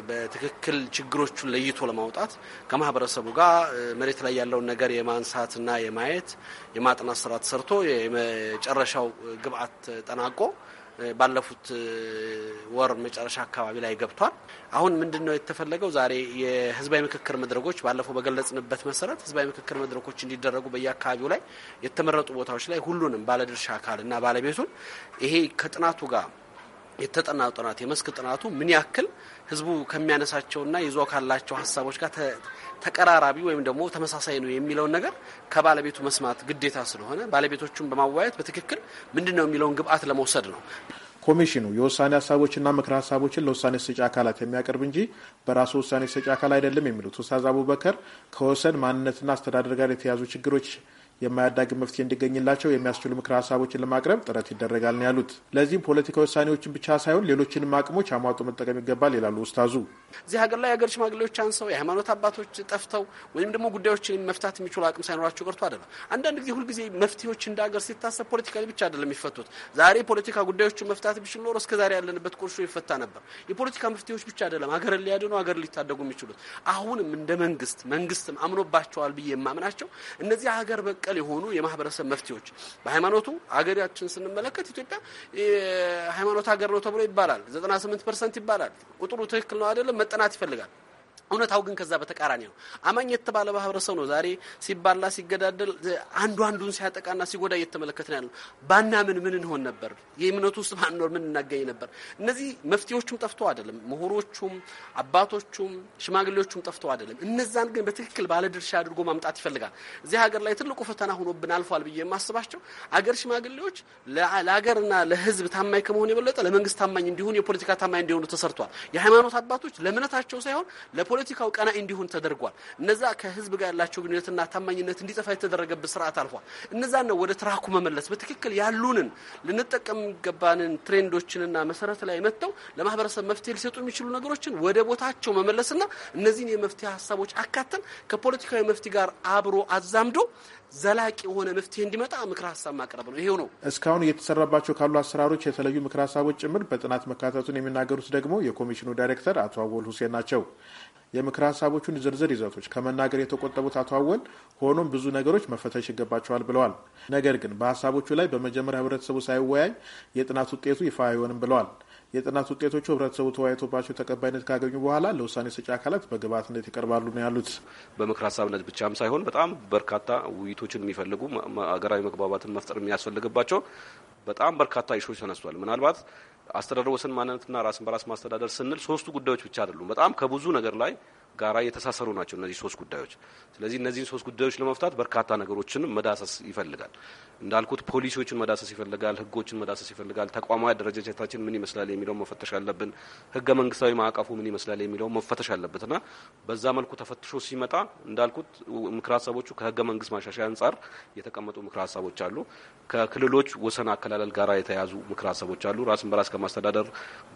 S14: በትክክል ችግሮቹን ለይቶ ለማውጣት ከማህበረሰቡ ጋር መሬት ላይ ያለውን ነገር የማንሳትና የማየት የማጥናት ስራ ተሰርቶ የመጨረሻው ግብአት ጠናቆ ባለፉት ወር መጨረሻ አካባቢ ላይ ገብቷል። አሁን ምንድን ነው የተፈለገው? ዛሬ የህዝባዊ ምክክር መድረኮች ባለፈው በገለጽንበት መሰረት ህዝባዊ ምክክር መድረኮች እንዲደረጉ በየአካባቢው ላይ የተመረጡ ቦታዎች ላይ ሁሉንም ባለድርሻ አካል እና ባለቤቱን ይሄ ከጥናቱ ጋር የተጠናው ጥናት የመስክ ጥናቱ ምን ያክል ህዝቡ ከሚያነሳቸውና ይዞ ካላቸው ሀሳቦች ጋር ተቀራራቢ ወይም ደግሞ ተመሳሳይ ነው የሚለውን ነገር ከባለቤቱ መስማት ግዴታ ስለሆነ ባለቤቶቹን በማዋየት በትክክል ምንድን ነው የሚለውን ግብአት ለመውሰድ ነው።
S6: ኮሚሽኑ የውሳኔ ሀሳቦችና ምክር ሀሳቦችን ለውሳኔ ሰጪ አካላት የሚያቀርብ እንጂ በራሱ ውሳኔ ሰጪ አካል አይደለም የሚሉት ኡስታዝ አቡበከር ከወሰን ማንነትና አስተዳደር ጋር የተያዙ ችግሮች የማያዳግም መፍትሄ እንዲገኝላቸው የሚያስችሉ ምክረ ሀሳቦችን ለማቅረብ ጥረት ይደረጋል ነው ያሉት። ለዚህም ፖለቲካዊ ውሳኔዎችን ብቻ ሳይሆን ሌሎችንም አቅሞች አሟጦ መጠቀም ይገባል ይላሉ ውስታዙ።
S14: እዚህ ሀገር ላይ የሀገር ሽማግሌዎች አንሰው የሃይማኖት አባቶች ጠፍተው ወይም ደግሞ ጉዳዮችን መፍታት የሚችሉ አቅም ሳይኖራቸው ቀርቶ አይደለም። አንዳንድ ጊዜ ሁልጊዜ መፍትሄዎች እንደ ሀገር ሲታሰብ ፖለቲካ ብቻ አይደለም የሚፈቱት። ዛሬ ፖለቲካ ጉዳዮችን መፍታት ቢችል ኖሮ እስከዛሬ ያለንበት ቁርሾ ይፈታ ነበር። የፖለቲካ መፍትሄዎች ብቻ አይደለም ሀገርን ሊያድኑ ሀገር ሊታደጉ የሚችሉት አሁንም እንደ መንግስት መንግስትም አምኖባቸዋል ብዬ የማምናቸው እነዚህ ሀገር በቃ በቀል የሆኑ የማህበረሰብ መፍትሄዎች በሃይማኖቱ አገሪያችን ስንመለከት ኢትዮጵያ የሃይማኖት ሀገር ነው ተብሎ ይባላል። 98 ፐርሰንት ይባላል። ቁጥሩ ትክክል ነው አይደለም፣ መጠናት ይፈልጋል። እውነታው ግን ከዛ በተቃራኒ ነው። አማኝ የተባለ ማህበረሰብ ነው ዛሬ ሲባላ ሲገዳደል፣ አንዱ አንዱን ሲያጠቃና ሲጎዳ እየተመለከት ነው ያለው። ባናምን ምን እንሆን ነበር? የእምነቱ ውስጥ ባንኖር ምን እናገኝ ነበር? እነዚህ መፍትሄዎቹም ጠፍተው አይደለም። ምሁሮቹም፣ አባቶቹም፣ ሽማግሌዎቹም ጠፍተው አይደለም። እነዛን ግን በትክክል ባለድርሻ አድርጎ ማምጣት ይፈልጋል። እዚህ ሀገር ላይ ትልቁ ፈተና ሆኖብን አልፏል ብዬ የማስባቸው አገር ሽማግሌዎች ለሀገርና ለህዝብ ታማኝ ከመሆን የበለጠ ለመንግስት ታማኝ እንዲሆኑ፣ የፖለቲካ ታማኝ እንዲሆኑ ተሰርቷል። የሃይማኖት አባቶች ለእምነታቸው ሳይሆን ፖለቲካው ቀና እንዲሆን ተደርጓል። እነዛ ከህዝብ ጋር ያላቸው ግንኙነትና ታማኝነት እንዲጠፋ የተደረገበት ስርዓት አልፏል። እነዛ ነው ወደ ትራኩ መመለስ በትክክል ያሉንን ልንጠቀም ገባንን ትሬንዶችንና መሰረት ላይ መጥተው ለማህበረሰብ መፍትሄ ሊሰጡ የሚችሉ ነገሮችን ወደ ቦታቸው መመለስና እነዚህን የመፍትሄ ሀሳቦች አካተን ከፖለቲካዊ መፍትሄ ጋር አብሮ አዛምዶ ዘላቂ የሆነ መፍትሄ እንዲመጣ ምክር ሀሳብ ማቅረብ ነው። ይሄው ነው
S6: እስካሁን እየተሰራባቸው ካሉ አሰራሮች የተለዩ ምክር ሀሳቦች ጭምር በጥናት መካተቱን የሚናገሩት ደግሞ የኮሚሽኑ ዳይሬክተር አቶ አወል ሁሴን ናቸው። የምክር ሀሳቦቹን ዝርዝር ይዘቶች ከመናገር የተቆጠቡት አቶ አወል ሆኖም ብዙ ነገሮች መፈተሽ ይገባቸዋል ብለዋል። ነገር ግን በሀሳቦቹ ላይ በመጀመሪያ ህብረተሰቡ ሳይወያይ የጥናት ውጤቱ ይፋ አይሆንም ብለዋል። የጥናት ውጤቶቹ ህብረተሰቡ ተወያይቶባቸው ተቀባይነት ካገኙ በኋላ ለውሳኔ ሰጪ አካላት በግብዓትነት ይቀርባሉ ነው ያሉት።
S18: በምክር ሀሳብነት ብቻም ሳይሆን በጣም በርካታ ውይይቶችን የሚፈልጉ ሀገራዊ መግባባትን መፍጠር የሚያስፈልግባቸው በጣም በርካታ ይሾች ተነስቷል። ምናልባት አስተዳደር ወሰን ማንነትና ራስን በራስ ማስተዳደር ስንል ሶስቱ ጉዳዮች ብቻ አይደሉም። በጣም ከብዙ ነገር ላይ ጋራ የተሳሰሩ ናቸው እነዚህ ሶስት ጉዳዮች። ስለዚህ እነዚህን ሶስት ጉዳዮች ለመፍታት በርካታ ነገሮችንም መዳሰስ ይፈልጋል። እንዳልኩት ፖሊሲዎችን መዳሰስ ይፈልጋል፣ ህጎችን መዳሰስ ይፈልጋል፣ ተቋማዊ አደረጃጀታችን ምን ይመስላል የሚለው መፈተሽ አለብን፣ ህገ መንግስታዊ ማዕቀፉ ምን ይመስላል የሚለው መፈተሽ አለበትና በዛ መልኩ ተፈትሾ ሲመጣ እንዳልኩት ምክር ሀሳቦቹ ከህገ መንግስት ማሻሻያ አንጻር የተቀመጡ ምክር ሀሳቦች አሉ። ከክልሎች ወሰን አከላለል ጋር የተያዙ ምክር ሀሳቦች አሉ። ራስን በራስ ከማስተዳደር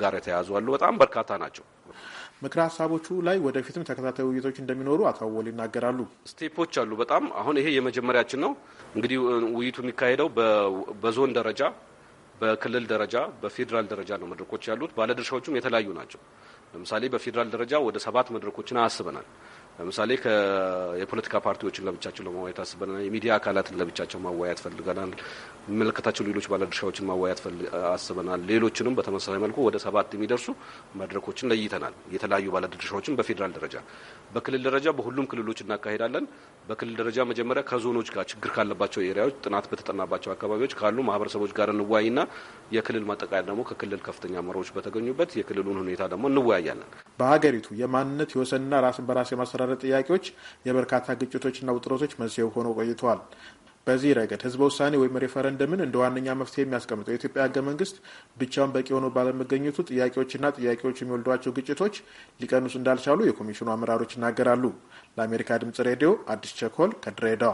S18: ጋር የተያዙ አሉ። በጣም በርካታ ናቸው።
S6: ምክረ ሀሳቦቹ ላይ ወደፊትም ተከታታይ ውይይቶች እንደሚኖሩ አቶ አወል ይናገራሉ።
S18: ስቴፖች አሉ። በጣም አሁን ይሄ የመጀመሪያችን ነው። እንግዲህ ውይይቱ የሚካሄደው በዞን ደረጃ፣ በክልል ደረጃ፣ በፌዴራል ደረጃ ነው መድረኮች ያሉት። ባለድርሻዎቹም የተለያዩ ናቸው። ለምሳሌ በፌዴራል ደረጃ ወደ ሰባት መድረኮችን አያስበናል። ለምሳሌ የፖለቲካ ፓርቲዎችን ለብቻቸው ለማዋየት አስበናል። የሚዲያ አካላትን ለብቻቸው ማዋያት ፈልገናል። የሚመለከታቸው ሌሎች ባለድርሻዎችን ማዋያት አስበናል። ሌሎችንም በተመሳሳይ መልኩ ወደ ሰባት የሚደርሱ መድረኮችን ለይተናል። የተለያዩ ባለድርሻዎችን በፌዴራል ደረጃ፣ በክልል ደረጃ በሁሉም ክልሎች እናካሄዳለን። በክልል ደረጃ መጀመሪያ ከዞኖች ጋር ችግር ካለባቸው ኤሪያዎች ጥናት በተጠናባቸው አካባቢዎች ካሉ ማህበረሰቦች ጋር እንወያይና የክልል ማጠቃያ ደግሞ ከክልል ከፍተኛ አመራሮች በተገኙበት የክልሉን ሁኔታ ደግሞ እንወያያለን።
S6: በሀገሪቱ የማንነት የወሰንና ራስን በራስ የማስተዳደር የመዋቅር ጥያቄዎች የበርካታ ግጭቶችና ውጥረቶች መንስኤ ሆነው ቆይተዋል። በዚህ ረገድ ህዝበ ውሳኔ ወይም ሬፈረንደምን እንደ ዋነኛ መፍትሄ የሚያስቀምጠው የኢትዮጵያ ህገ መንግስት ብቻውን በቂ ሆኖ ባለመገኘቱ ጥያቄዎችና ጥያቄዎች የሚወልዷቸው ግጭቶች ሊቀንሱ እንዳልቻሉ የኮሚሽኑ አመራሮች ይናገራሉ። ለአሜሪካ ድምጽ ሬዲዮ አዲስ ቸኮል ከድሬዳዋ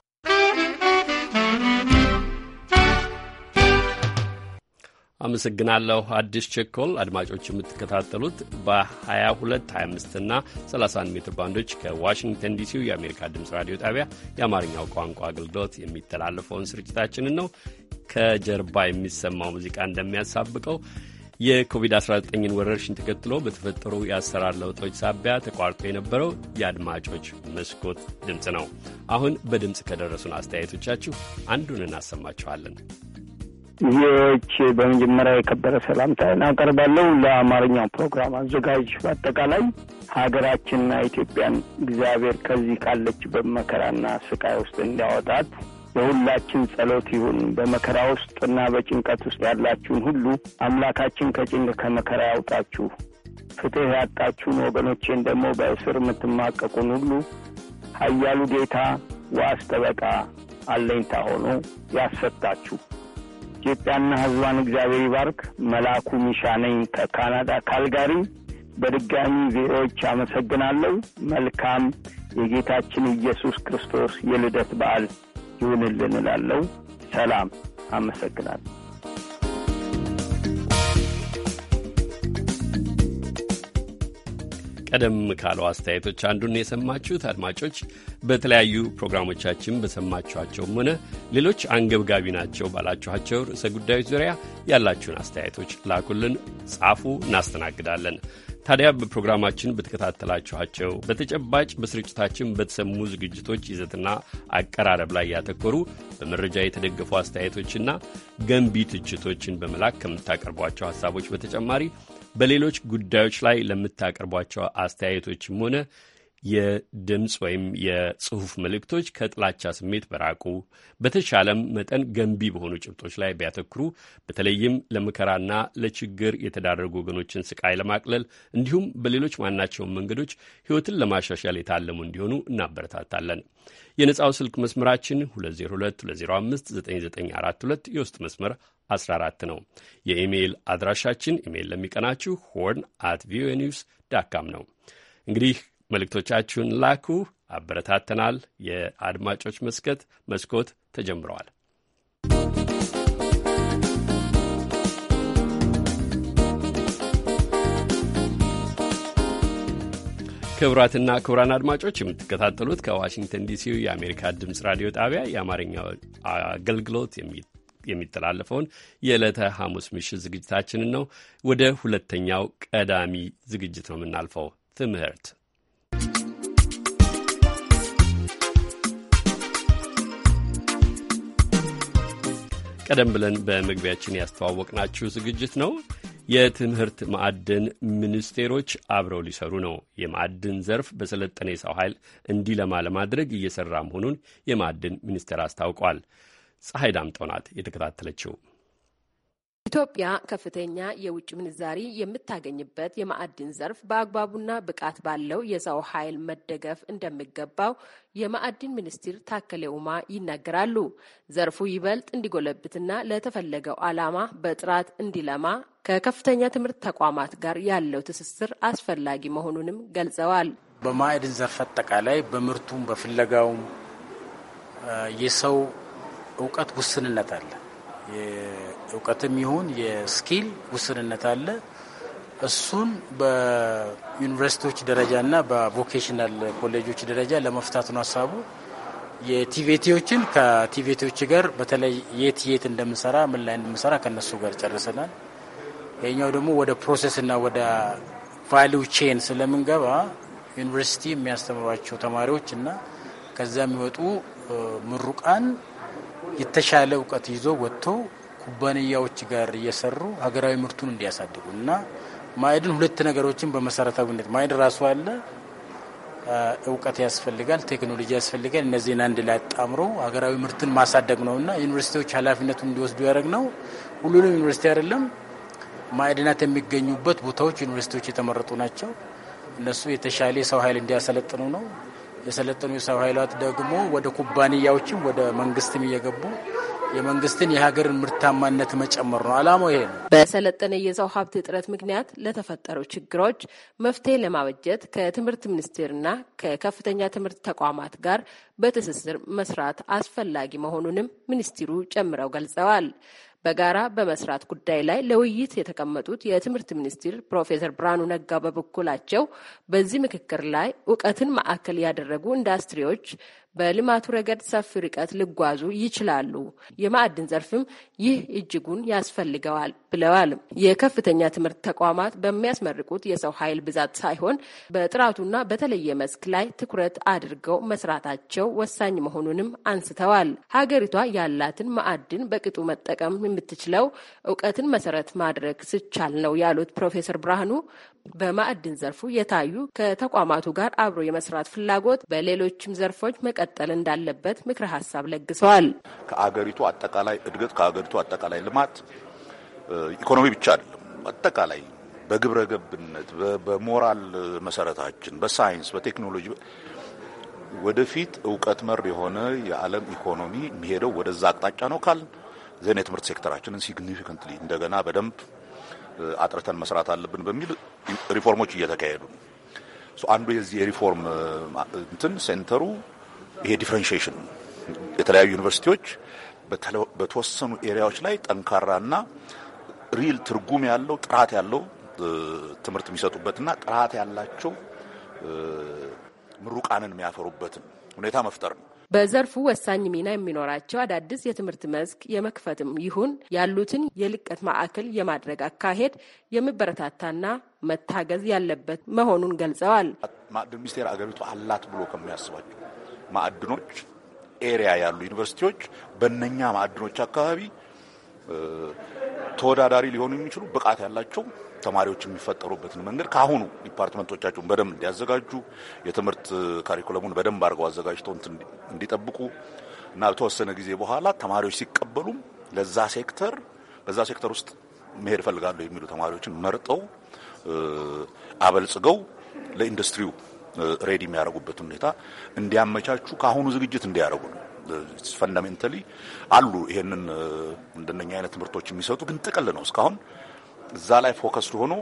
S1: አመሰግናለሁ አዲስ ቸኮል። አድማጮች የምትከታተሉት በ22፣ 25 እና 31 ሜትር ባንዶች ከዋሽንግተን ዲሲው የአሜሪካ ድምፅ ራዲዮ ጣቢያ የአማርኛው ቋንቋ አገልግሎት የሚተላለፈውን ስርጭታችንን ነው። ከጀርባ የሚሰማው ሙዚቃ እንደሚያሳብቀው የኮቪድ-19 ወረርሽኝ ተከትሎ በተፈጠሩ የአሰራር ለውጦች ሳቢያ ተቋርጦ የነበረው የአድማጮች መስኮት ድምፅ ነው። አሁን በድምፅ ከደረሱን አስተያየቶቻችሁ አንዱን እናሰማችኋለን።
S19: ቪዎች በመጀመሪያ የከበረ ሰላምታ አቀርባለሁ ለአማርኛው ፕሮግራም አዘጋጅ፣ በአጠቃላይ ሀገራችንና ኢትዮጵያን እግዚአብሔር ከዚህ ካለችበት መከራና ስቃይ ውስጥ እንዲያወጣት የሁላችን ጸሎት ይሁን። በመከራ ውስጥና በጭንቀት ውስጥ ያላችሁን ሁሉ አምላካችን ከጭንቅ ከመከራ ያውጣችሁ። ፍትህ ያጣችሁን ወገኖቼን ደግሞ በእስር የምትማቀቁን ሁሉ ኃያሉ ጌታ ዋስ ጠበቃ አለኝታ ሆኖ ያሰጣችሁ። ኢትዮጵያና ሕዝቧን እግዚአብሔር ይባርክ። መላኩ ሚሻ ነኝ ከካናዳ ካልጋሪ። በድጋሚ ቪኦኤዎች አመሰግናለሁ። መልካም የጌታችን ኢየሱስ ክርስቶስ የልደት በዓል ይሁንልን እላለሁ። ሰላም። አመሰግናለሁ።
S1: ቀደም ካሉ አስተያየቶች አንዱን የሰማችሁት አድማጮች፣ በተለያዩ ፕሮግራሞቻችን በሰማችኋቸውም ሆነ ሌሎች አንገብጋቢ ናቸው ባላችኋቸው ርዕሰ ጉዳዮች ዙሪያ ያላችሁን አስተያየቶች ላኩልን፣ ጻፉ፣ እናስተናግዳለን። ታዲያ በፕሮግራማችን በተከታተላችኋቸው በተጨባጭ በስርጭታችን በተሰሙ ዝግጅቶች ይዘትና አቀራረብ ላይ ያተኮሩ በመረጃ የተደገፉ አስተያየቶችና ገንቢ ትችቶችን በመላክ ከምታቀርቧቸው ሀሳቦች በተጨማሪ በሌሎች ጉዳዮች ላይ ለምታቀርቧቸው አስተያየቶችም ሆነ የድምፅ ወይም የጽሑፍ መልእክቶች ከጥላቻ ስሜት በራቁ በተሻለም መጠን ገንቢ በሆኑ ጭብጦች ላይ ቢያተኩሩ በተለይም ለመከራና ለችግር የተዳረጉ ወገኖችን ስቃይ ለማቅለል እንዲሁም በሌሎች ማናቸውን መንገዶች ሕይወትን ለማሻሻል የታለሙ እንዲሆኑ እናበረታታለን። የነጻው ስልክ መስመራችን 2022059942 የውስጥ መስመር 14 ነው። የኢሜይል አድራሻችን ኢሜይል ለሚቀናችሁ ሆርን አት ቪኦኤ ኒውስ ዳት ካም ነው። እንግዲህ መልእክቶቻችሁን ላኩ፣ አበረታተናል። የአድማጮች መስኮት መስኮት ተጀምረዋል። ክቡራትና ክቡራን አድማጮች የምትከታተሉት ከዋሽንግተን ዲሲ የአሜሪካ ድምፅ ራዲዮ ጣቢያ የአማርኛ አገልግሎት የሚተላለፈውን የዕለተ ሐሙስ ምሽት ዝግጅታችንን ነው። ወደ ሁለተኛው ቀዳሚ ዝግጅት ነው የምናልፈው፣ ትምህርት ቀደም ብለን በመግቢያችን ያስተዋወቅናችሁ ዝግጅት ነው። የትምህርት ማዕድን ሚኒስቴሮች አብረው ሊሰሩ ነው። የማዕድን ዘርፍ በሰለጠነ የሰው ኃይል እንዲለማ ለማድረግ እየሰራ መሆኑን የማዕድን ሚኒስቴር አስታውቋል። ፀሐይ ዳምጠው ናት የተከታተለችው።
S16: ኢትዮጵያ ከፍተኛ የውጭ ምንዛሪ የምታገኝበት የማዕድን ዘርፍ በአግባቡና ብቃት ባለው የሰው ኃይል መደገፍ እንደሚገባው የማዕድን ሚኒስትር ታከለ ኡማ ይናገራሉ። ዘርፉ ይበልጥ እንዲጎለብትና ለተፈለገው ዓላማ በጥራት እንዲለማ ከከፍተኛ ትምህርት ተቋማት ጋር ያለው ትስስር አስፈላጊ መሆኑንም ገልጸዋል።
S17: በማዕድን ዘርፍ አጠቃላይ በምርቱም በፍለጋውም የሰው እውቀት ውስንነት አለ። እውቀትም ይሁን የስኪል ውስንነት አለ። እሱን በዩኒቨርሲቲዎች እና በቮኬሽናል ኮሌጆች ደረጃ ለመፍታት ነው ሀሳቡ። የቲቬቲዎችን ከቲቬቲዎች ጋር በተለይ የት የት እንደምንሰራ ምን ላይ እንደምንሰራ ከነሱ ጋር ጨርሰናል። ይህኛው ደግሞ ወደ ፕሮሴስና ወደ ቫሊው ቼን ስለምንገባ ዩኒቨርሲቲ የሚያስተምሯቸው ተማሪዎች እና ከዛ የሚወጡ ምሩቃን የተሻለ እውቀት ይዞ ወጥቶ ኩባንያዎች ጋር እየሰሩ ሀገራዊ ምርቱን እንዲያሳድጉ እና ማዕድን ሁለት ነገሮችን በመሰረታዊነት ማዕድን ራሱ አለ፣ እውቀት ያስፈልጋል፣ ቴክኖሎጂ ያስፈልጋል። እነዚህን አንድ ላይ አጣምሮ ሀገራዊ ምርትን ማሳደግ ነው እና ዩኒቨርሲቲዎች ኃላፊነቱን እንዲወስዱ ያደረግ ነው። ሁሉንም ዩኒቨርሲቲ አይደለም፣ ማዕድናት የሚገኙበት ቦታዎች ዩኒቨርሲቲዎች የተመረጡ ናቸው። እነሱ የተሻለ የሰው ኃይል እንዲያሰለጥኑ ነው። የሰለጠኑ የሰው ኃይላት ደግሞ ወደ ኩባንያዎችም ወደ መንግስትም እየገቡ የመንግስትን የሀገርን ምርታማነት መጨመር ነው። አላማው ይሄ ነው።
S16: በሰለጠነ የሰው ሀብት እጥረት ምክንያት ለተፈጠሩ ችግሮች መፍትሄ ለማበጀት ከትምህርት ሚኒስቴርና ከከፍተኛ ትምህርት ተቋማት ጋር በትስስር መስራት አስፈላጊ መሆኑንም ሚኒስትሩ ጨምረው ገልጸዋል። በጋራ በመስራት ጉዳይ ላይ ለውይይት የተቀመጡት የትምህርት ሚኒስትር ፕሮፌሰር ብርሃኑ ነጋ በበኩላቸው በዚህ ምክክር ላይ እውቀትን ማዕከል ያደረጉ ኢንዱስትሪዎች በልማቱ ረገድ ሰፊ ርቀት ሊጓዙ ይችላሉ። የማዕድን ዘርፍም ይህ እጅጉን ያስፈልገዋል ብለዋል። የከፍተኛ ትምህርት ተቋማት በሚያስመርቁት የሰው ኃይል ብዛት ሳይሆን በጥራቱና በተለየ መስክ ላይ ትኩረት አድርገው መስራታቸው ወሳኝ መሆኑንም አንስተዋል። ሀገሪቷ ያላትን ማዕድን በቅጡ መጠቀም የምትችለው እውቀትን መሰረት ማድረግ ስቻል ነው ያሉት ፕሮፌሰር ብርሃኑ በማዕድን ዘርፉ የታዩ ከተቋማቱ ጋር አብሮ የመስራት ፍላጎት በሌሎችም ዘርፎች መቀጠል እንዳለበት ምክረ ሀሳብ ለግሰዋል።
S8: ከአገሪቱ አጠቃላይ እድገት ከአገሪቱ አጠቃላይ ልማት ኢኮኖሚ ብቻ አይደለም አጠቃላይ በግብረ ገብነት በሞራል መሰረታችን፣ በሳይንስ፣ በቴክኖሎጂ ወደፊት እውቀት መር የሆነ የዓለም ኢኮኖሚ የሚሄደው ወደዛ አቅጣጫ ነው ካል ዘን የትምህርት ሴክተራችንን ሲግኒፊካንትሊ እንደገና በደንብ አጥርተን መስራት አለብን በሚል ሪፎርሞች እየተካሄዱ ነው። አንዱ የዚህ የሪፎርም እንትን ሴንተሩ ይሄ ዲፍረንሽሽን የተለያዩ ዩኒቨርሲቲዎች በተወሰኑ ኤሪያዎች ላይ ጠንካራና ሪል ትርጉም ያለው ጥራት ያለው ትምህርት የሚሰጡበትና ጥራት ያላቸው ምሩቃንን የሚያፈሩበትን ሁኔታ መፍጠር ነው።
S16: በዘርፉ ወሳኝ ሚና የሚኖራቸው አዳዲስ የትምህርት መስክ የመክፈትም ይሁን ያሉትን የልቀት ማዕከል የማድረግ አካሄድ የሚበረታታና መታገዝ ያለበት መሆኑን ገልጸዋል።
S8: ማዕድን ሚኒስቴር አገሪቱ አላት ብሎ ከሚያስባቸው ማዕድኖች ኤሪያ ያሉ ዩኒቨርሲቲዎች በእነኛ ማዕድኖች አካባቢ ተወዳዳሪ ሊሆኑ የሚችሉ ብቃት ያላቸው ተማሪዎች የሚፈጠሩበትን መንገድ ከአሁኑ ዲፓርትመንቶቻቸውን በደንብ እንዲያዘጋጁ የትምህርት ካሪኩለሙን በደንብ አድርገው አዘጋጅተው እንዲጠብቁ እና በተወሰነ ጊዜ በኋላ ተማሪዎች ሲቀበሉም ለዛ ሴክተር በዛ ሴክተር ውስጥ መሄድ እፈልጋለሁ የሚሉ ተማሪዎችን መርጠው አበልጽገው ለኢንዱስትሪው ሬዲ የሚያደርጉበትን ሁኔታ እንዲያመቻቹ ከአሁኑ ዝግጅት እንዲያደርጉ ነው። ፈንዳሜንታሊ አሉ። ይሄንን እንደነኛ አይነት ትምህርቶች የሚሰጡ ግን ጥቅል ነው። እስካሁን እዛ ላይ ፎከስድ ሆኖ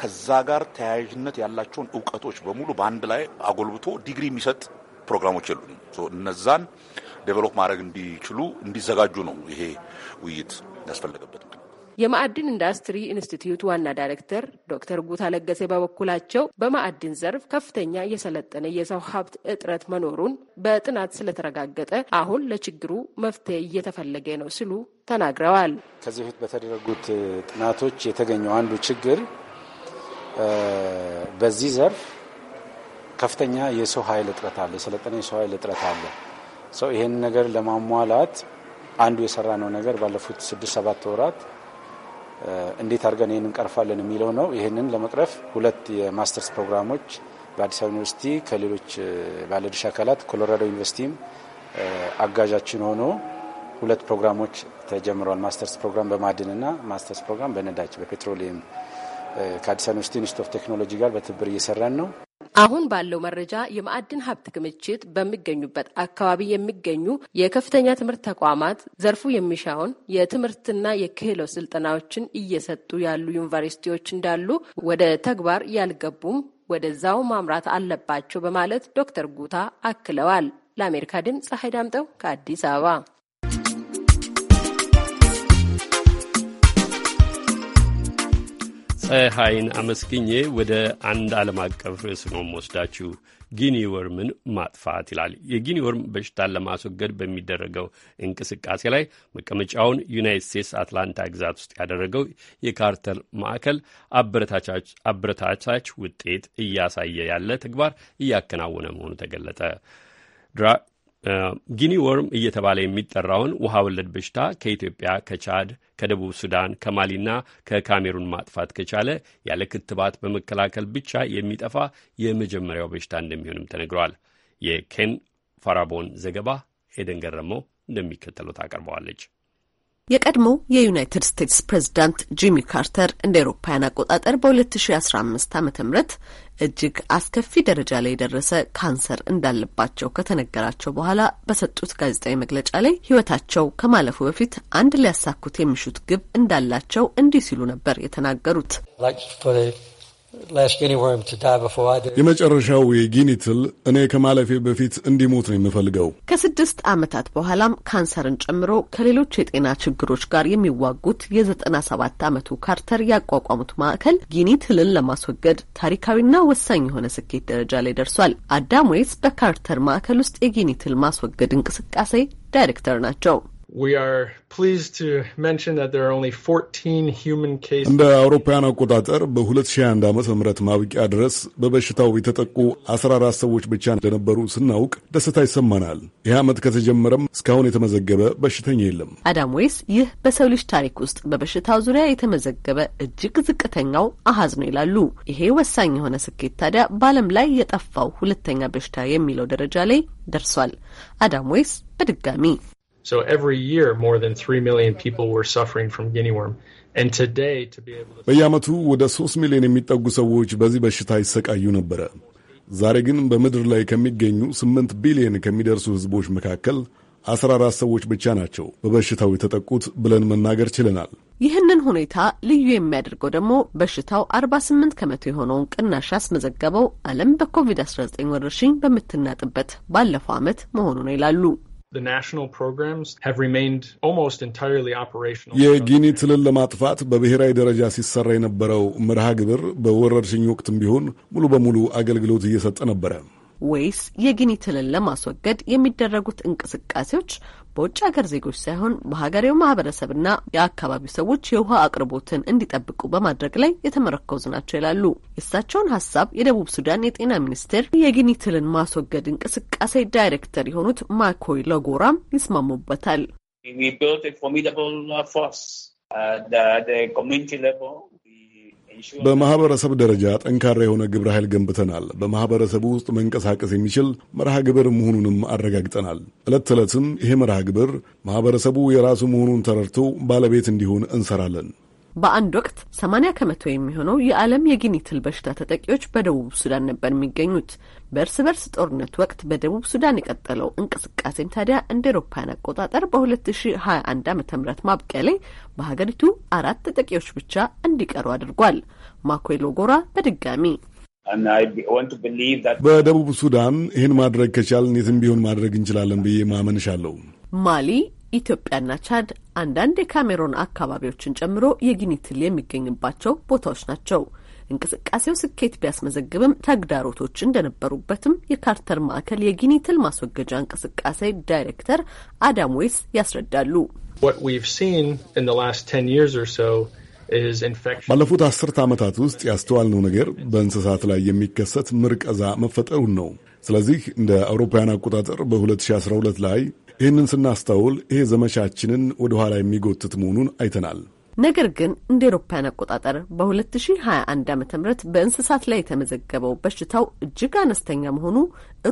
S8: ከዛ ጋር ተያያዥነት ያላቸውን እውቀቶች በሙሉ በአንድ ላይ አጎልብቶ ዲግሪ የሚሰጥ ፕሮግራሞች የሉም። እነዛን ዴቨሎፕ ማድረግ እንዲችሉ እንዲዘጋጁ ነው ይሄ ውይይት ያስፈለገበት።
S16: የማዕድን ኢንዱስትሪ ኢንስቲትዩት ዋና ዳይሬክተር ዶክተር ጉታ ለገሴ በበኩላቸው በማዕድን ዘርፍ ከፍተኛ የሰለጠነ የሰው ሀብት እጥረት መኖሩን በጥናት ስለተረጋገጠ አሁን ለችግሩ መፍትሄ እየተፈለገ ነው ሲሉ ተናግረዋል። ከዚህ በፊት በተደረጉት
S15: ጥናቶች የተገኘው አንዱ ችግር በዚህ ዘርፍ ከፍተኛ የሰው ኃይል እጥረት አለ፣ የሰለጠነ የሰው ኃይል እጥረት አለ። ሰው ይህን ነገር ለማሟላት አንዱ የሰራ ነው ነገር ባለፉት ስድስት ሰባት ወራት እንዴት አድርገን ይህን እንቀርፋለን የሚለው ነው። ይህንን ለመቅረፍ ሁለት የማስተርስ ፕሮግራሞች በአዲስ አበባ ዩኒቨርሲቲ ከሌሎች ባለድርሻ አካላት ኮሎራዶ ዩኒቨርሲቲም አጋዣችን ሆኖ ሁለት ፕሮግራሞች ተጀምረዋል። ማስተርስ ፕሮግራም በማዕድንና ማስተርስ ፕሮግራም በነዳጅ በፔትሮሊየም ከአዲስ አበባ ዩኒቨርሲቲ ኢንስቲትዩት ኦፍ ቴክኖሎጂ ጋር በትብብር እየሰራን ነው።
S16: አሁን ባለው መረጃ የማዕድን ሀብት ክምችት በሚገኙበት አካባቢ የሚገኙ የከፍተኛ ትምህርት ተቋማት ዘርፉ የሚሻውን የትምህርትና የክህሎት ስልጠናዎችን እየሰጡ ያሉ ዩኒቨርሲቲዎች እንዳሉ ወደ ተግባር ያልገቡም ወደዛው ማምራት አለባቸው በማለት ዶክተር ጉታ አክለዋል። ለአሜሪካ ድምፅ ፀሐይ ዳምጠው ከአዲስ አበባ
S1: ፀሐይን አመስግኜ ወደ አንድ ዓለም አቀፍ ርዕስ ነው ወስዳችሁ ጊኒ ወርምን ማጥፋት ይላል። የጊኒ ወርም በሽታን ለማስወገድ በሚደረገው እንቅስቃሴ ላይ መቀመጫውን ዩናይት ስቴትስ አትላንታ ግዛት ውስጥ ያደረገው የካርተር ማዕከል አበረታታች ውጤት እያሳየ ያለ ተግባር እያከናወነ መሆኑ ተገለጠ። ጊኒ ወርም እየተባለ የሚጠራውን ውሃ ወለድ በሽታ ከኢትዮጵያ፣ ከቻድ፣ ከደቡብ ሱዳን፣ ከማሊና ከካሜሩን ማጥፋት ከቻለ ያለ ክትባት በመከላከል ብቻ የሚጠፋ የመጀመሪያው በሽታ እንደሚሆንም ተነግሯል። የኬን ፋራቦን ዘገባ ኤደን ገረመው እንደሚከተለው ታቀርበዋለች።
S7: የቀድሞ የዩናይትድ ስቴትስ ፕሬዚዳንት ጂሚ ካርተር እንደ ኤሮፓውያን አቆጣጠር በ2015 ዓ ም እጅግ አስከፊ ደረጃ ላይ የደረሰ ካንሰር እንዳለባቸው ከተነገራቸው በኋላ በሰጡት ጋዜጣዊ መግለጫ ላይ ሕይወታቸው ከማለፉ በፊት አንድ ሊያሳኩት የሚሹት ግብ እንዳላቸው እንዲህ ሲሉ ነበር የተናገሩት የመጨረሻው
S20: የጊኒ ትል እኔ ከማለፌ በፊት እንዲሞት ነው የምፈልገው።
S7: ከስድስት ዓመታት በኋላም ካንሰርን ጨምሮ ከሌሎች የጤና ችግሮች ጋር የሚዋጉት የዘጠና ሰባት ዓመቱ ካርተር ያቋቋሙት ማዕከል ጊኒ ትልን ለማስወገድ ታሪካዊና ወሳኝ የሆነ ስኬት ደረጃ ላይ ደርሷል። አዳም ዌይስ በካርተር ማዕከል ውስጥ የጊኒ ትል ማስወገድ እንቅስቃሴ ዳይሬክተር ናቸው። እንደ አውሮፓውያን
S20: አቆጣጠር በ2001 ዓ.ም ማብቂያ ድረስ በበሽታው የተጠቁ 14 ሰዎች ብቻ እንደነበሩ ስናውቅ ደስታ ይሰማናል። ይህ ዓመት ከተጀመረም እስካሁን የተመዘገበ በሽተኛ
S7: የለም። አዳም ወይስ ይህ በሰው ልጅ ታሪክ ውስጥ በበሽታው ዙሪያ የተመዘገበ እጅግ ዝቅተኛው አሀዝ ነው ይላሉ። ይሄ ወሳኝ የሆነ ስኬት ታዲያ በዓለም ላይ የጠፋው ሁለተኛ በሽታ የሚለው ደረጃ ላይ ደርሷል። አዳም ወይስ በድጋሚ
S13: So every year
S1: more than 3 million people were suffering from guinea worm. And today to be able to... በየዓመቱ
S20: ወደ 3 ሚሊዮን የሚጠጉ ሰዎች በዚህ በሽታ ይሰቃዩ ነበረ። ዛሬ ግን በምድር ላይ ከሚገኙ 8 ቢሊዮን ከሚደርሱ ህዝቦች መካከል 14 ሰዎች ብቻ ናቸው በበሽታው የተጠቁት ብለን መናገር ችለናል።
S7: ይህንን ሁኔታ ልዩ የሚያደርገው ደግሞ በሽታው 48 ከመቶ የሆነውን ቅናሽ ያስመዘገበው ዓለም በኮቪድ-19 ወረርሽኝ በምትናጥበት ባለፈው ዓመት መሆኑ ነው ይላሉ።
S20: የጊኒ ትልል ለማጥፋት በብሔራዊ ደረጃ ሲሰራ የነበረው መርሃ ግብር በወረርሽኝ ወቅትም ቢሆን ሙሉ በሙሉ አገልግሎት እየሰጠ ነበረ።
S7: ወይስ የጊኒ ትልል ለማስወገድ የሚደረጉት እንቅስቃሴዎች በውጭ ሀገር ዜጎች ሳይሆን በሀገሬው ማህበረሰብና የአካባቢው ሰዎች የውሃ አቅርቦትን እንዲጠብቁ በማድረግ ላይ የተመረኮዙ ናቸው ይላሉ። የእሳቸውን ሀሳብ የደቡብ ሱዳን የጤና ሚኒስቴር የግኒትልን ማስወገድ እንቅስቃሴ ዳይሬክተር የሆኑት ማኮይ ለጎራም ይስማሙበታል።
S20: በማህበረሰብ ደረጃ ጠንካራ የሆነ ግብረ ኃይል ገንብተናል። በማህበረሰቡ ውስጥ መንቀሳቀስ የሚችል መርሃ ግብር መሆኑንም አረጋግጠናል። ዕለት ተዕለትም ይሄ መርሃ ግብር ማህበረሰቡ የራሱ መሆኑን ተረድቶ ባለቤት እንዲሆን እንሰራለን።
S7: በአንድ ወቅት ሰማኒያ ከመቶ የሚሆነው የዓለም የጊኒ ትል በሽታ ተጠቂዎች በደቡብ ሱዳን ነበር የሚገኙት። በእርስ በርስ ጦርነት ወቅት በደቡብ ሱዳን የቀጠለው እንቅስቃሴም ታዲያ እንደ ኤሮፓያን አቆጣጠር በ2021 ዓ ም ማብቂያ ላይ በሀገሪቱ አራት ተጠቂዎች ብቻ እንዲቀሩ አድርጓል። ማኮሎ ጎራ በድጋሚ
S20: በደቡብ ሱዳን ይህን ማድረግ ከቻልን የትም ቢሆን ማድረግ እንችላለን ብዬ ማመንሻለሁ።
S7: ማሊ ኢትዮጵያና ቻድ አንዳንድ የካሜሮን አካባቢዎችን ጨምሮ የጊኒ ትል የሚገኝባቸው ቦታዎች ናቸው። እንቅስቃሴው ስኬት ቢያስመዘግብም ተግዳሮቶች እንደነበሩበትም የካርተር ማዕከል የጊኒ ትል ማስወገጃ እንቅስቃሴ ዳይሬክተር አዳም ዌስ ያስረዳሉ። ባለፉት
S20: አስርተ ዓመታት ውስጥ ያስተዋልነው ነገር በእንስሳት ላይ የሚከሰት ምርቀዛ መፈጠሩን ነው። ስለዚህ እንደ አውሮፓውያን አቆጣጠር በ2012 ላይ ይህንን ስናስታውል ይሄ ዘመቻችንን ወደ ኋላ የሚጎትት መሆኑን አይተናል።
S7: ነገር ግን እንደ ኤሮፓያን አቆጣጠር በ2021 ዓ ም በእንስሳት ላይ የተመዘገበው በሽታው እጅግ አነስተኛ መሆኑ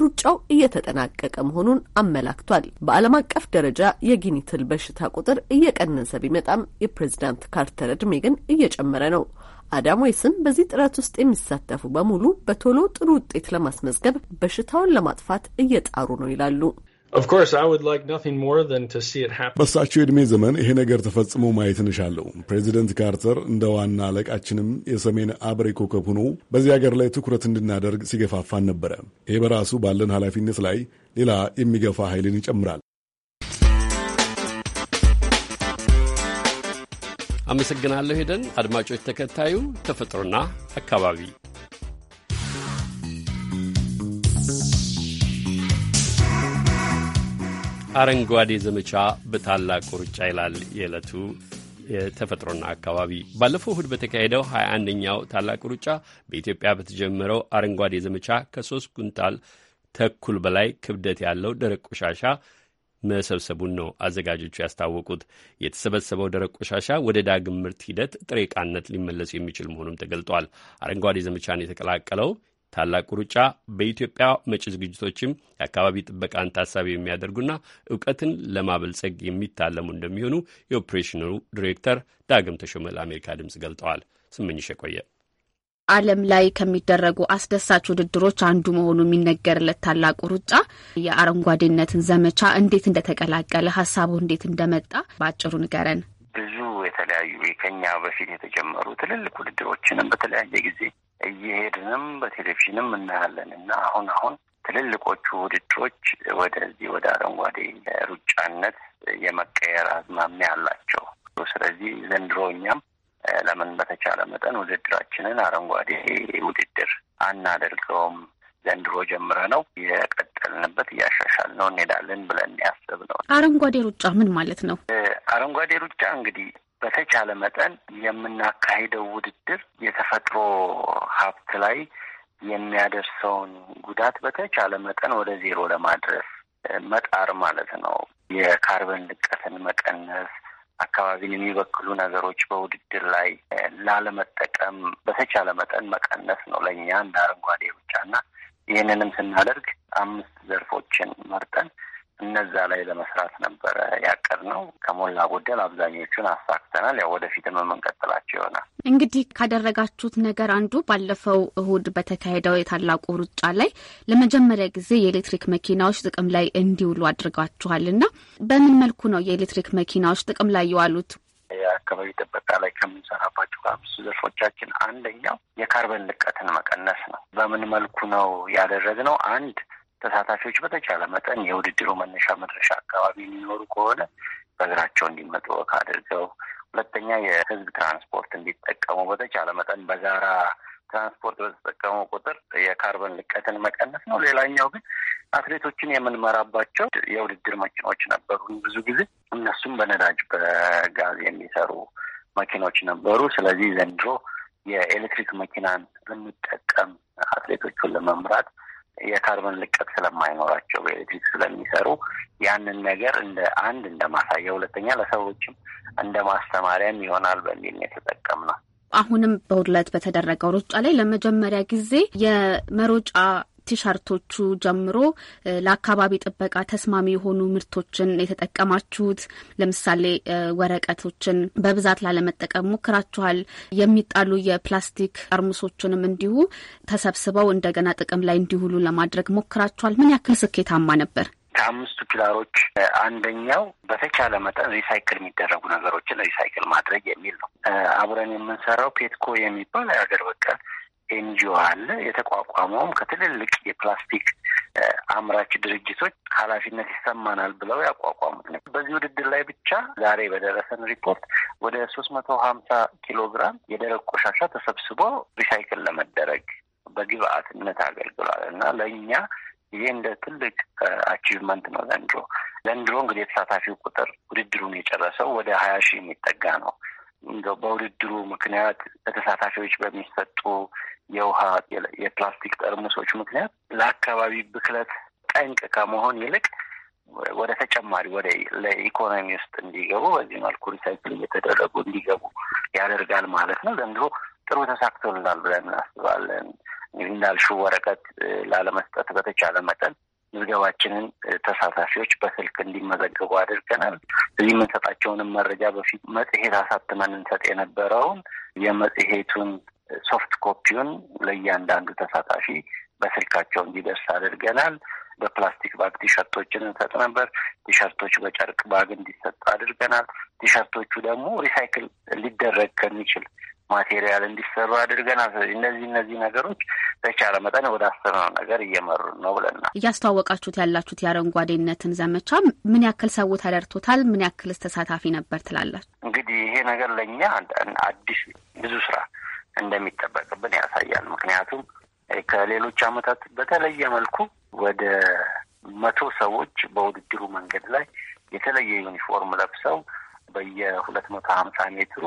S7: ሩጫው እየተጠናቀቀ መሆኑን አመላክቷል። በዓለም አቀፍ ደረጃ የጊኒ ትል በሽታ ቁጥር እየቀነሰ ቢመጣም የፕሬዚዳንት ካርተር ዕድሜ ግን እየጨመረ ነው። አዳም ወይስን በዚህ ጥረት ውስጥ የሚሳተፉ በሙሉ በቶሎ ጥሩ ውጤት ለማስመዝገብ በሽታውን ለማጥፋት እየጣሩ ነው ይላሉ።
S1: በእሳቸው
S20: እድሜ ዘመን ይሄ ነገር ተፈጽሞ ማየት እንሻለሁ። ፕሬዚደንት ካርተር እንደ ዋና አለቃችንም የሰሜን አብሬ ኮከብ ሆኖ በዚህ ሀገር ላይ ትኩረት እንድናደርግ ሲገፋፋን ነበረ። ይሄ በራሱ ባለን ኃላፊነት ላይ ሌላ የሚገፋ ኃይልን ይጨምራል።
S1: አመሰግናለሁ ሄደን። አድማጮች፣ ተከታዩ ተፈጥሮና አካባቢ አረንጓዴ ዘመቻ በታላቁ ሩጫ ይላል የዕለቱ የተፈጥሮና አካባቢ። ባለፈው እሁድ በተካሄደው 21ኛው ታላቅ ሩጫ በኢትዮጵያ በተጀመረው አረንጓዴ ዘመቻ ከሶስት ኩንታል ተኩል በላይ ክብደት ያለው ደረቅ ቆሻሻ መሰብሰቡን ነው አዘጋጆቹ ያስታወቁት። የተሰበሰበው ደረቅ ቆሻሻ ወደ ዳግም ምርት ሂደት ጥሬ ዕቃነት ሊመለስ የሚችል መሆኑም ተገልጧል። አረንጓዴ ዘመቻን የተቀላቀለው ታላቁ ሩጫ በኢትዮጵያ መጪ ዝግጅቶችም የአካባቢ ጥበቃን ታሳቢ የሚያደርጉና እውቀትን ለማበልጸግ የሚታለሙ እንደሚሆኑ የኦፕሬሽኑ ዲሬክተር ዳግም ተሾመ ለአሜሪካ ድምጽ ገልጠዋል። ስምኝሽ የቆየ
S4: ዓለም ላይ ከሚደረጉ አስደሳች ውድድሮች አንዱ መሆኑ የሚነገርለት ታላቁ ሩጫ የአረንጓዴነትን ዘመቻ እንዴት እንደተቀላቀለ ሀሳቡ እንዴት እንደመጣ በአጭሩ ንገረን።
S19: ብዙ የተለያዩ ከኛ በፊት የተጀመሩ ትልልቅ ውድድሮችንም በተለያየ ጊዜ እየሄድንም በቴሌቪዥንም እናያለን እና አሁን አሁን ትልልቆቹ ውድድሮች ወደዚህ ወደ አረንጓዴ ሩጫነት የመቀየር አዝማሚያ አላቸው። ስለዚህ ዘንድሮ እኛም ለምን በተቻለ መጠን ውድድራችንን አረንጓዴ ውድድር አናደርገውም? ዘንድሮ ጀምረ ነው የቀጠልንበት እያሻሻል ነው እንሄዳለን ብለን ያስብ ነው።
S4: አረንጓዴ ሩጫ ምን ማለት ነው?
S19: አረንጓዴ ሩጫ እንግዲህ በተቻለ መጠን የምናካሄደው ውድድር የተፈጥሮ ሀብት ላይ የሚያደርሰውን ጉዳት በተቻለ መጠን ወደ ዜሮ ለማድረስ መጣር ማለት ነው። የካርበን ልቀትን መቀነስ፣ አካባቢን የሚበክሉ ነገሮች በውድድር ላይ ላለመጠቀም በተቻለ መጠን መቀነስ ነው ለእኛ እንደ አረንጓዴ ብቻ እና ይህንንም ስናደርግ አምስት ዘርፎችን መርጠን እነዛ ላይ ለመስራት ነበረ ነው። ከሞላ ጎደል አብዛኞቹን አሳክተናል። ያው ወደፊትም የምንቀጥላቸው ይሆናል።
S4: እንግዲህ ካደረጋችሁት ነገር አንዱ ባለፈው እሁድ በተካሄደው የታላቁ ሩጫ ላይ ለመጀመሪያ ጊዜ የኤሌክትሪክ መኪናዎች ጥቅም ላይ እንዲውሉ አድርጋችኋል እና በምን መልኩ ነው የኤሌክትሪክ መኪናዎች ጥቅም ላይ የዋሉት?
S19: የአካባቢ ጥበቃ ላይ ከምንሰራባቸው ከአምስቱ ዘርፎቻችን አንደኛው የካርበን ልቀትን መቀነስ ነው። በምን መልኩ ነው ያደረግነው? አንድ ተሳታፊዎች በተቻለ መጠን የውድድሩ መነሻ መድረሻ አካባቢ የሚኖሩ ከሆነ በእግራቸው እንዲመጡ ወክ አድርገው፣ ሁለተኛ የህዝብ ትራንስፖርት እንዲጠቀሙ በተቻለ መጠን በጋራ ትራንስፖርት በተጠቀሙ ቁጥር የካርበን ልቀትን መቀነስ ነው። ሌላኛው ግን አትሌቶችን የምንመራባቸው የውድድር መኪኖች ነበሩ። ብዙ ጊዜ እነሱም በነዳጅ በጋዝ የሚሰሩ መኪኖች ነበሩ። ስለዚህ ዘንድሮ የኤሌክትሪክ መኪናን ብንጠቀም አትሌቶቹን ለመምራት የካርበን ልቀት ስለማይኖራቸው በኤሌክትሪክ ስለሚሰሩ ያንን ነገር እንደ አንድ እንደ ማሳያ፣ ሁለተኛ ለሰዎችም እንደ ማስተማሪያም ይሆናል በሚል ነው የተጠቀምነው።
S4: አሁንም በሁለት በተደረገው ሩጫ ላይ ለመጀመሪያ ጊዜ የመሮጫ ከቲሸርቶቹ ጀምሮ ለአካባቢ ጥበቃ ተስማሚ የሆኑ ምርቶችን የተጠቀማችሁት? ለምሳሌ ወረቀቶችን በብዛት ላለመጠቀም ሞክራችኋል። የሚጣሉ የፕላስቲክ ጠርሙሶችንም እንዲሁ ተሰብስበው እንደገና ጥቅም ላይ እንዲውሉ ለማድረግ ሞክራችኋል። ምን ያክል ስኬታማ ነበር?
S19: ከአምስቱ ፒላሮች አንደኛው በተቻለ መጠን ሪሳይክል የሚደረጉ ነገሮችን ሪሳይክል ማድረግ የሚል ነው። አብረን የምንሰራው ፔትኮ የሚባል የሀገር በቀል ኤንጂኦ አለ። የተቋቋመውም ከትልልቅ የፕላስቲክ አምራች ድርጅቶች ኃላፊነት ይሰማናል ብለው ያቋቋሙት ነው። በዚህ ውድድር ላይ ብቻ ዛሬ በደረሰን ሪፖርት ወደ ሶስት መቶ ሀምሳ ኪሎ ግራም የደረቅ ቆሻሻ ተሰብስቦ ሪሳይክል ለመደረግ በግብአትነት አገልግሏል እና ለእኛ ይሄ እንደ ትልቅ አቺቭመንት ነው። ዘንድሮ ዘንድሮ እንግዲህ የተሳታፊው ቁጥር ውድድሩን የጨረሰው ወደ ሀያ ሺህ የሚጠጋ ነው። እንደው በውድድሩ ምክንያት ለተሳታፊዎች በሚሰጡ የውሃ የፕላስቲክ ጠርሙሶች ምክንያት ለአካባቢ ብክለት ጠንቅ ከመሆን ይልቅ ወደ ተጨማሪ ወደ ለኢኮኖሚ ውስጥ እንዲገቡ በዚህ መልኩ ሪሳይክል እየተደረጉ እንዲገቡ ያደርጋል ማለት ነው። ዘንድሮ ጥሩ ተሳክቶልናል ብለን እናስባለን። እንዳልሹ ወረቀት ላለመስጠት በተቻለ መጠን ምዝገባችንን ተሳታፊዎች በስልክ እንዲመዘገቡ አድርገናል። እዚህ የምንሰጣቸውንም መረጃ በፊት መጽሔት አሳትመን እንሰጥ የነበረውን የመጽሔቱን ሶፍት ኮፒውን ለእያንዳንዱ ተሳታፊ በስልካቸው እንዲደርስ አድርገናል። በፕላስቲክ ባግ ቲሸርቶችን እንሰጥ ነበር። ቲሸርቶች በጨርቅ ባግ እንዲሰጡ አድርገናል። ቲሸርቶቹ ደግሞ ሪሳይክል ሊደረግ ከሚችል ማቴሪያል እንዲሰሩ አድርገናል። እነዚህ እነዚህ ነገሮች በቻለ መጠን ወደ አሰብነው ነገር እየመሩ ነው ብለናል።
S4: እያስተዋወቃችሁት ያላችሁት የአረንጓዴነትን ዘመቻ ምን ያክል ሰው ተደርቶታል? ምን ያክልስ ተሳታፊ ነበር ትላላችሁ?
S19: እንግዲህ ይሄ ነገር ለእኛ አዲስ ብዙ ስራ እንደሚጠበቅብን ያሳያል። ምክንያቱም ከሌሎች አመታት በተለየ መልኩ ወደ መቶ ሰዎች በውድድሩ መንገድ ላይ የተለየ ዩኒፎርም ለብሰው በየሁለት መቶ ሀምሳ ሜትሩ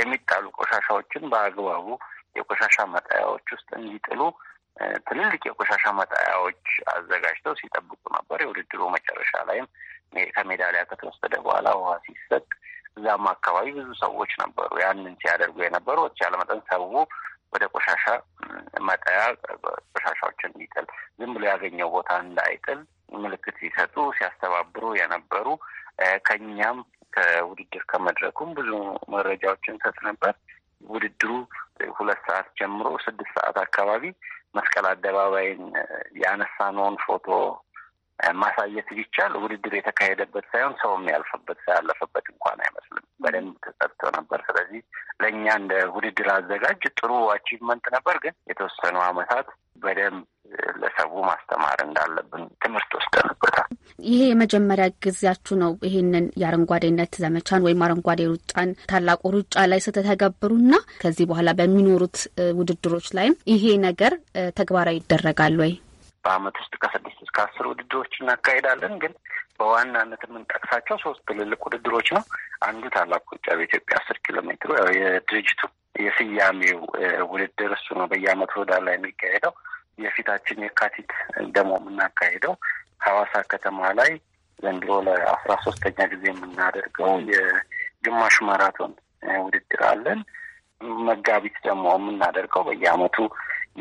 S19: የሚጣሉ ቆሻሻዎችን በአግባቡ የቆሻሻ መጣያዎች ውስጥ እንዲጥሉ ትልልቅ የቆሻሻ መጣያዎች አዘጋጅተው ሲጠብቁ ነበር። የውድድሩ መጨረሻ ላይም ከሜዳሊያ ከተወሰደ በኋላ ውሃ ሲሰጥ እዛም አካባቢ ብዙ ሰዎች ነበሩ። ያንን ሲያደርጉ የነበሩ ያለ መጠን ሰው ወደ ቆሻሻ መጣያ ቆሻሻዎችን እንዲጥል ዝም ብሎ ያገኘው ቦታ እንዳይጥል ምልክት ሲሰጡ ሲያስተባብሩ የነበሩ ከኛም ከውድድር ከመድረኩም ብዙ መረጃዎችን ሰጥ ነበር። ውድድሩ ሁለት ሰዓት ጀምሮ ስድስት ሰዓት አካባቢ መስቀል አደባባይን ያነሳነውን ፎቶ ማሳየት ቢቻል ውድድር የተካሄደበት ሳይሆን ሰው የሚያልፍበት ሳያለፍበት እንኳን አይመስልም። በደንብ ተጠርቶ ነበር። ስለዚህ ለእኛ እንደ ውድድር አዘጋጅ ጥሩ አቺቭመንት ነበር። ግን የተወሰኑ አመታት በደንብ ለሰቡ ማስተማር እንዳለብን ትምህርት
S4: ወስደንበታል። ይሄ የመጀመሪያ ጊዜያችሁ ነው ይሄንን የአረንጓዴነት ዘመቻን ወይም አረንጓዴ ሩጫን ታላቁ ሩጫ ላይ እና ከዚህ በኋላ በሚኖሩት ውድድሮች ላይም ይሄ ነገር ተግባራዊ ይደረጋል ወይ?
S19: በአመት ውስጥ ከስድስት እስከ አስር ውድድሮች እናካሄዳለን። ግን በዋናነት የምንጠቅሳቸው ሶስት ትልልቅ ውድድሮች ነው። አንዱ ታላቁ ሩጫ በኢትዮጵያ አስር ኪሎ ሜትሩ የድርጅቱ የስያሜው ውድድር እሱ ነው። በየአመቱ ወዳ ላይ የሚካሄደው የፊታችን የካቲት ደግሞ የምናካሄደው ሀዋሳ ከተማ ላይ ዘንድሮ ለአስራ ሶስተኛ ጊዜ የምናደርገው የግማሽ ማራቶን ውድድር አለን። መጋቢት ደግሞ የምናደርገው በየአመቱ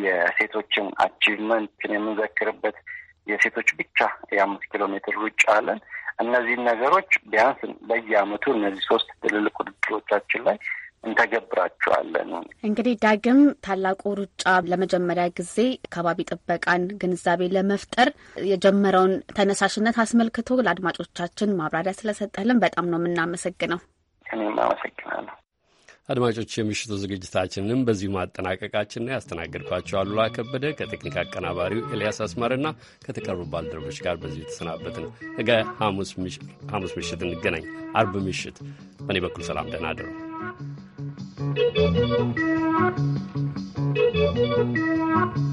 S19: የሴቶችን አቺቭመንትን የምንዘክርበት የሴቶች ብቻ የአምስት ኪሎ ሜትር ሩጫ አለን። እነዚህን ነገሮች ቢያንስ በየአመቱ እነዚህ ሶስት ትልልቅ ውድድሮቻችን ላይ እንተገብራቸዋለን።
S4: እንግዲህ ዳግም ታላቁ ሩጫ ለመጀመሪያ ጊዜ አካባቢ ጥበቃን ግንዛቤ ለመፍጠር የጀመረውን ተነሳሽነት አስመልክቶ ለአድማጮቻችን ማብራሪያ ስለሰጠልን በጣም ነው የምናመሰግነው። እኔም
S1: አመሰግናለሁ። አድማጮች የምሽቱ ዝግጅታችንንም በዚሁ ማጠናቀቃችን ነው። ያስተናገድኳቸው አሉላ ከበደ ከቴክኒክ አቀናባሪው ኤልያስ አስማርና ከተቀሩ ባልደረቦች ጋር በዚሁ የተሰናበትን። ነገ ሐሙስ ምሽት እንገናኝ። አርብ ምሽት በእኔ በኩል ሰላም፣ ደህና አደሩ።
S15: Thank you.